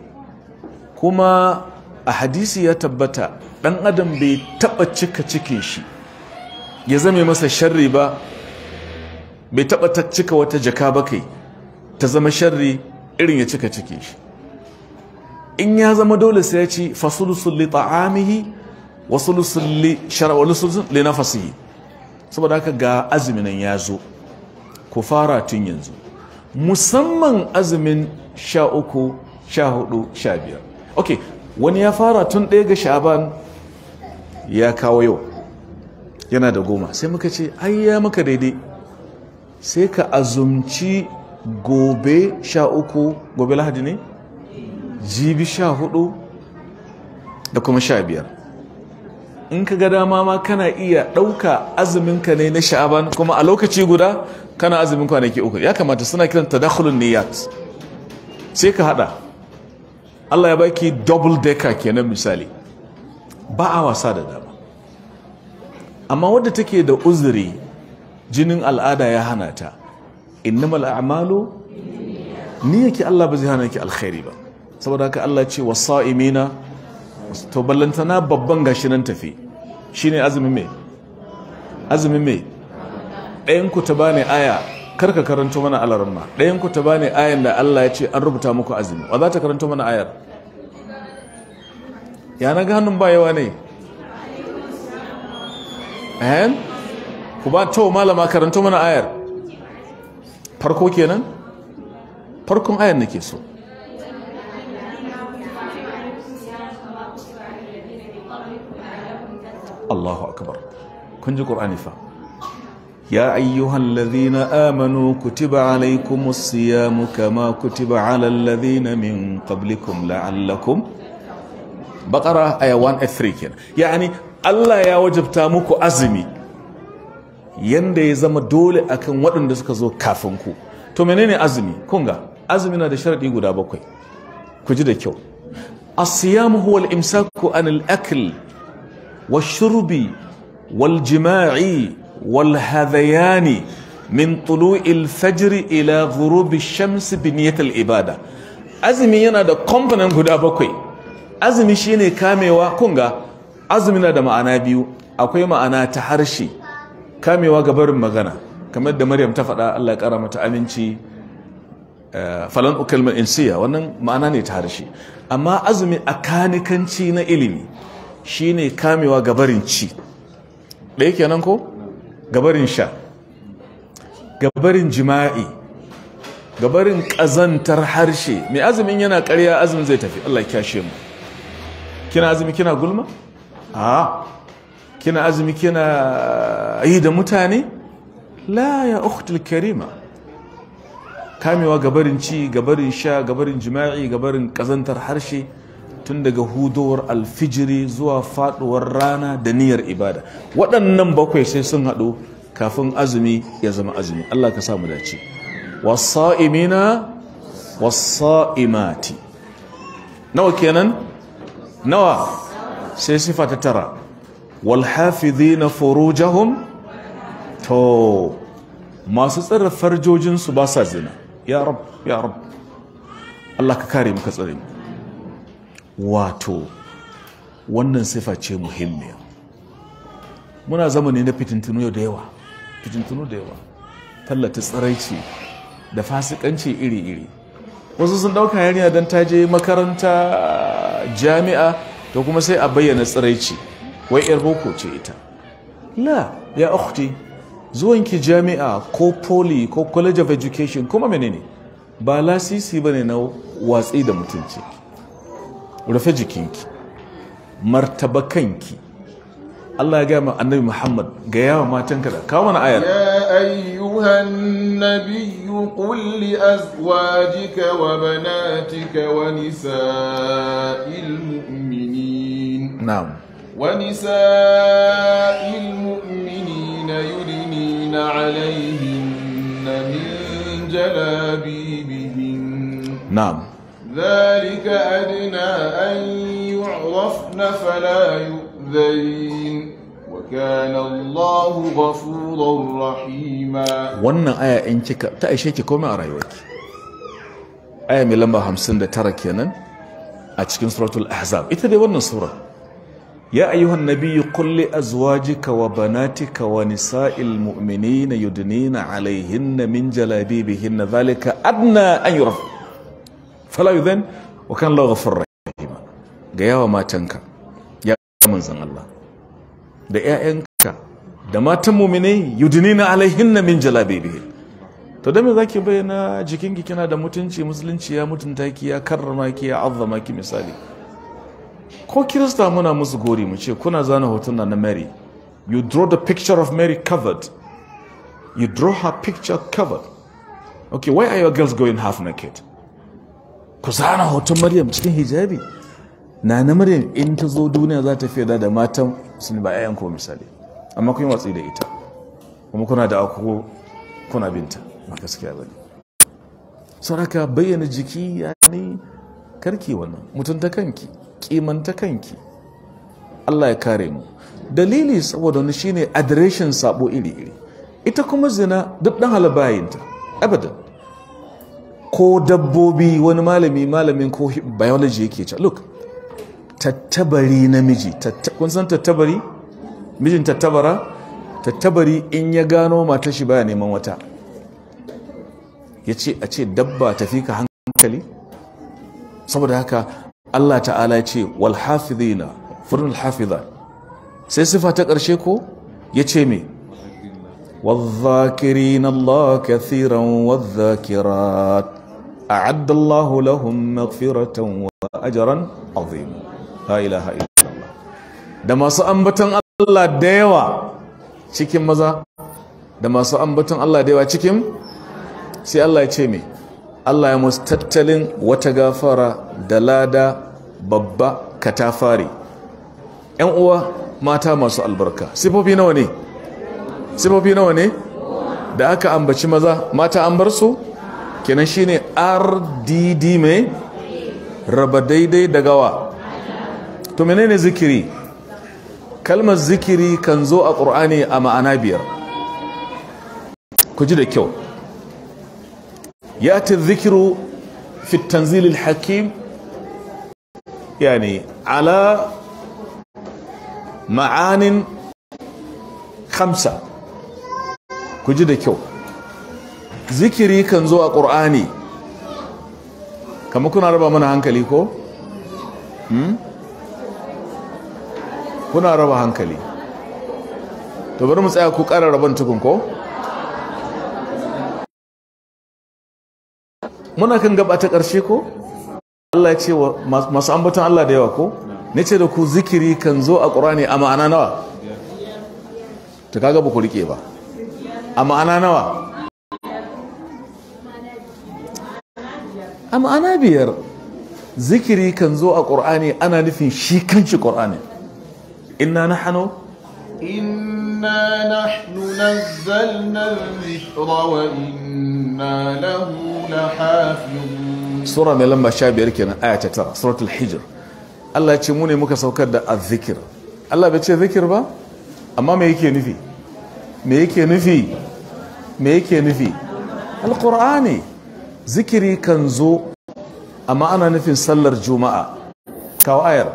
kuma a hadisi ya tabbata dan adam bai taba cika cikin shi ya zame masa sharri ba bai taba ta cika wata jaka ba kai ta zama sharri irin ya cika cikin shi in ya zama dole sai ya ci fasulusul li ta'amihi wa li shar'a li saboda haka ga azumin nan ya zo ku fara tun yanzu musamman azumin sha uku sha hudu sha biyar ok wani ya fara tun ɗaya ga sha'aban ya kawo yau yana da goma sai muka ce ai ya maka daidai sai ka azumci gobe sha uku gobe lahadi ne jibi sha hudu da kuma sha biyar in ka ga dama ma kana iya ɗauka azuminka ne na sha'aban kuma a lokaci guda kana azumin kwanaki uku ya kamata suna kiran tadakhulun niyyat sai ka hada Allah ya baki double deka kenan misali ba a wasa da dama amma wadda take da uzuri jinin al'ada ya hana ta innamal a'malu niyyaki Allah ba zai hana ki alkhairi ba saboda haka Allah ce wasa'imina takwas to ballantana babban gashi nan tafi shine azumi me azumi me ɗayan ku ta bani aya karka karanto mana ma ɗayan ku ta bani ayan da Allah ya ce an rubuta muku azumi wa za ta karanto mana ayar ya na ga hannun bayawa ne ehem ku ba wa malama karanto mana ayar farko kenan farkon ayar nake so Allahu akbar kun ji Qur'ani fa ya ayyuhal ladhina amanu kutiba siya siyamu kama kutiba alal ladhina min qablikum la'allakum Baqara aya 183 kenan yani Allah ya wajabta muku azumi yanda ya zama dole akan waɗanda suka zo kafin ku to menene azumi kunga azumi na da sharadi guda bakwai ku ji da kyau asiyamu huwa al-imsaku an al-akl والشرب والجماع والهذيان من طلوع الفجر الى غروب الشمس بنيه العباده azumi yana da kamfanin guda bakwai azumi shine kamewa kunga azumi na da ma'ana biyu akwai ma'ana ta harshe kamewa ga barin magana kamar da maryam ta faɗa allah ƙara mata aminci falan ukalmar insiya wannan ma'ana ne ta harshe amma azumi a kanikanci na ilimi Shi ne kamewa gabarin ci ɗaya kenan ko gabarin sha gabarin jima'i gabarin ƙazantar harshe mai azumin yana ƙarya azumin zai tafi Allah kyashe mu kina azumi kina gulma a kina azumi kina yi da mutane la ya ukhtul karima kamewa gabarin ci gabarin sha gabarin jima'i gabarin ƙazantar harshe tun daga hudowar alfijiri zuwa faduwar rana da niyyar ibada waɗannan bakwai sai sun haɗu kafin azumi ya zama azumi Allah ka samu dace wasa'imina wasa'imati nawa kenan nawa sai sifa ta tara wal hafizina furujahum to masu tsare farjojinsu ba sa zina ya rab ya rab Allah ka kare muka tsare mu wato wannan sifa ce muhimmiya muna zama ne na fitintunu da yawa fitintunu da yawa tallata tsiraici da fasikanci iri-iri wasu sun dauka yarinya don ta je makaranta jami'a to kuma sai a bayyana tsiraici wai yar boko ce ita la ya ukhti zuwanki jami'a ko poli ko college of education kuma menene ba lasisi bane na watsi da mutunci rufe jikinki martaba kanki Allah ya gama annabi Muhammad ga yawa matanka da kawo mana ayar ya ayyuhan nabiyyu qul li azwajika wa banatika wa nisa'il mu'minin na'am wa nisa'il mu'minina yudnina 'alayhinna min jalabibihin na'am ذلك أدنى أن يعرفن فلا يؤذين وكان الله غفورا رحيما wannan aya in kika ta aishe ki komai a rayuwarki aya mai lamba 59 kenan a cikin suratul ahzab ita dai wannan sura ya ayyuhan nabiyyu qul li azwajika wa banatika wa nisa'il mu'minina yudnina 'alayhinna min jalabibihinna dhalika adna an fala yudhan wa kan la ghafur rahima ga yawa matanka ya manzon Allah da 'ya'yanka da matan mu'minai yudnina na min jalabibihin to da me zaki bayyana jikinki kina da mutunci musulunci ya mutunta ki ya karrama ki ya azzama ki misali ko kirista muna musu gori mu ce kuna zana hotuna na Mary you draw the picture of Mary covered you draw her picture covered okay why are your girls going half naked ku zana hoton maryam cikin hijabi na na maryam in ta zo duniya za ta fiye da matan ne ba 'ya'yan ko misali amma kun watsi da ita kuma kuna da ako kuna binta ba gaskiya ba ne saraka bayyana jiki ya ne karki wannan mutunta kanki kimanta kanki Allah ya kare mu dalili saboda wani shine adireshin sabo iri-iri ita kuma zina duk dan halabayinta abadan ko dabbobi wani malami malamin ko biology yake ce look tattabari namiji kun san tattabari mijin tattabara tattabari in ya gano matar shi baya neman wata ya ce a ce dabba tafi ka hankali saboda haka Allah ta'ala ya ce wal hafizina furnul hafiza sai sifa ta ƙarshe ko ya ce me Allah kathiran wal zakirat أعد الله لهم مغفرة وأجرا عظيما لا إله إلا الله da masu ambaton Allah da yawa cikin maza da masu ambaton Allah da yawa cikin sai Allah ya ce me Allah ya musu tattalin wata gafara da lada babba katafari Yan uwa mata masu albarka nawa ne da aka ambaci maza mata an bar su kenan shine rdd mai raba daidai da gawa to menene zikiri kalmar zikiri kan zo a ƙur'ani a ma'ana biyar ku ji da kyau ya ta zikiru fitan tanzilil hakim yani ala ma'anin khamsa ku ji da kyau zikiri kan zo a ƙur'ani kama kuna raba mana hankali ko? Hmm? kuna raba hankali to bari mu tsaya ku ƙara raban tukun ko? muna kan gaba ta ƙarshe ko? Allah ya ce wa masu ambatan Allah da yawa ko? ne ce da ku zikiri kan zo a ƙur'ani a ma'ana nawa? ta kaga ba ku riƙe ba a ma'ana nawa? a ma'ana biyar zikiri kan zo a ƙur'ani ana nufin shi kanshi ƙur'ani inna na hano. ina na hannu na zalnar rawa ina lahu na hafi sura mai lamba sha biyar kenan aya ta tara suratul hijir Allah ce mu ne muka saukar da azzikir Allah bai ce zikir ba amma me yake nufi me yake nufi me yake nufi alqur'ani zikiri kan zo amma ana nufin sallar juma'a kawo ayar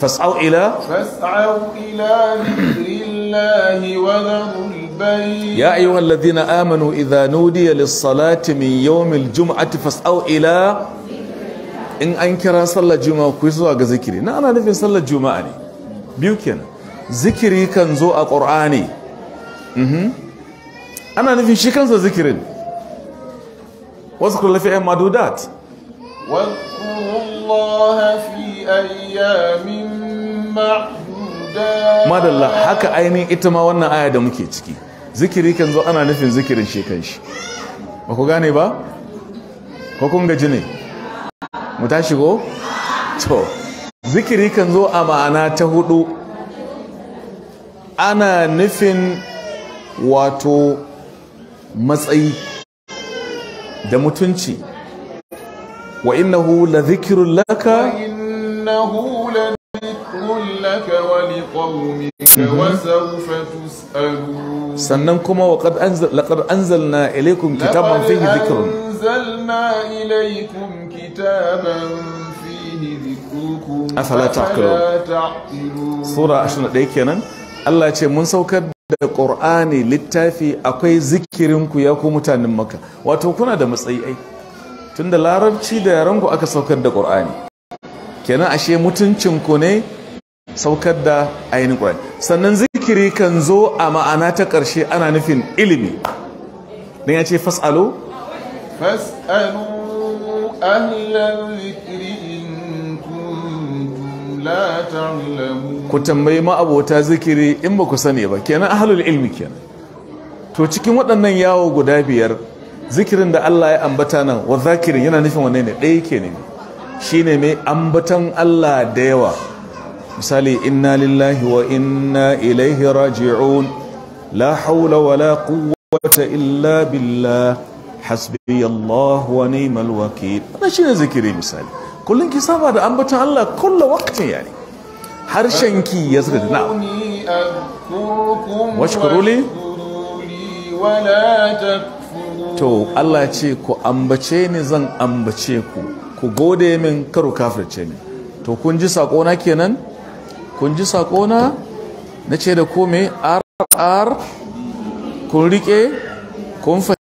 fas'au ila fas'au ila zikrillahi wa dharul bayt ya ayyuhal ladhina amanu idha nudiya lis-salati min yawmil jum'ati fas'au ila in an kira sallar juma'a ku zuwa ga zikiri na ana nufin sallar juma'a ne biyu kenan zikiri kan zo a qur'ani ana nufin shi kansa zikirin Wasu الله في أيام معدودات واذكروا الله madalla haka ainihin ita ma wannan aya da muke ciki zikiri kan zo ana nufin zikirin shi kan shi ba ku gane ba ko kun gaji ne mu tashi go to zikiri kan zo a ma'ana ta hudu ana nufin wato matsayi da mutunci wa innahu la laka mhm. sannan kuma wa qad anzal kitaban sura 21 kenan Allah ce mun saukar da ƙor'ani littafi akwai zikirinku ya ku mutanen maka wato kuna da matsayi ai tun da larabci da yaranku aka saukar da ƙor'ani kenan ashe mutuncinku ne saukar da ainihin ƙor'ani sannan zikiri kan zo a ma'ana ta ƙarshe ana nufin ilimi don ya ce fas'alo fas'alo ku tambayi ma'abota zikiri in ba ku sani ba kenan ahalul ilmi kenan to cikin waɗannan yawo guda biyar zikirin da Allah ya ambata nan wa zakirin yana nufin wanne ne ɗaya ke ne shi ne mai ambatan Allah da yawa misali inna lillahi wa inna ilaihi raji'un la haula wa la quwwata illa billah hasbi wa ni'mal wakil wannan ne zikiri misali kullum ki saba da ambaton Allah wakati ya yani harshen ki da na wasu li to Allah ce ku ambace ni zan ambace ku ku gode min karu kafirce ni to kun ji sako na kenan kun ji sako na ce da ku RR? kun rike kun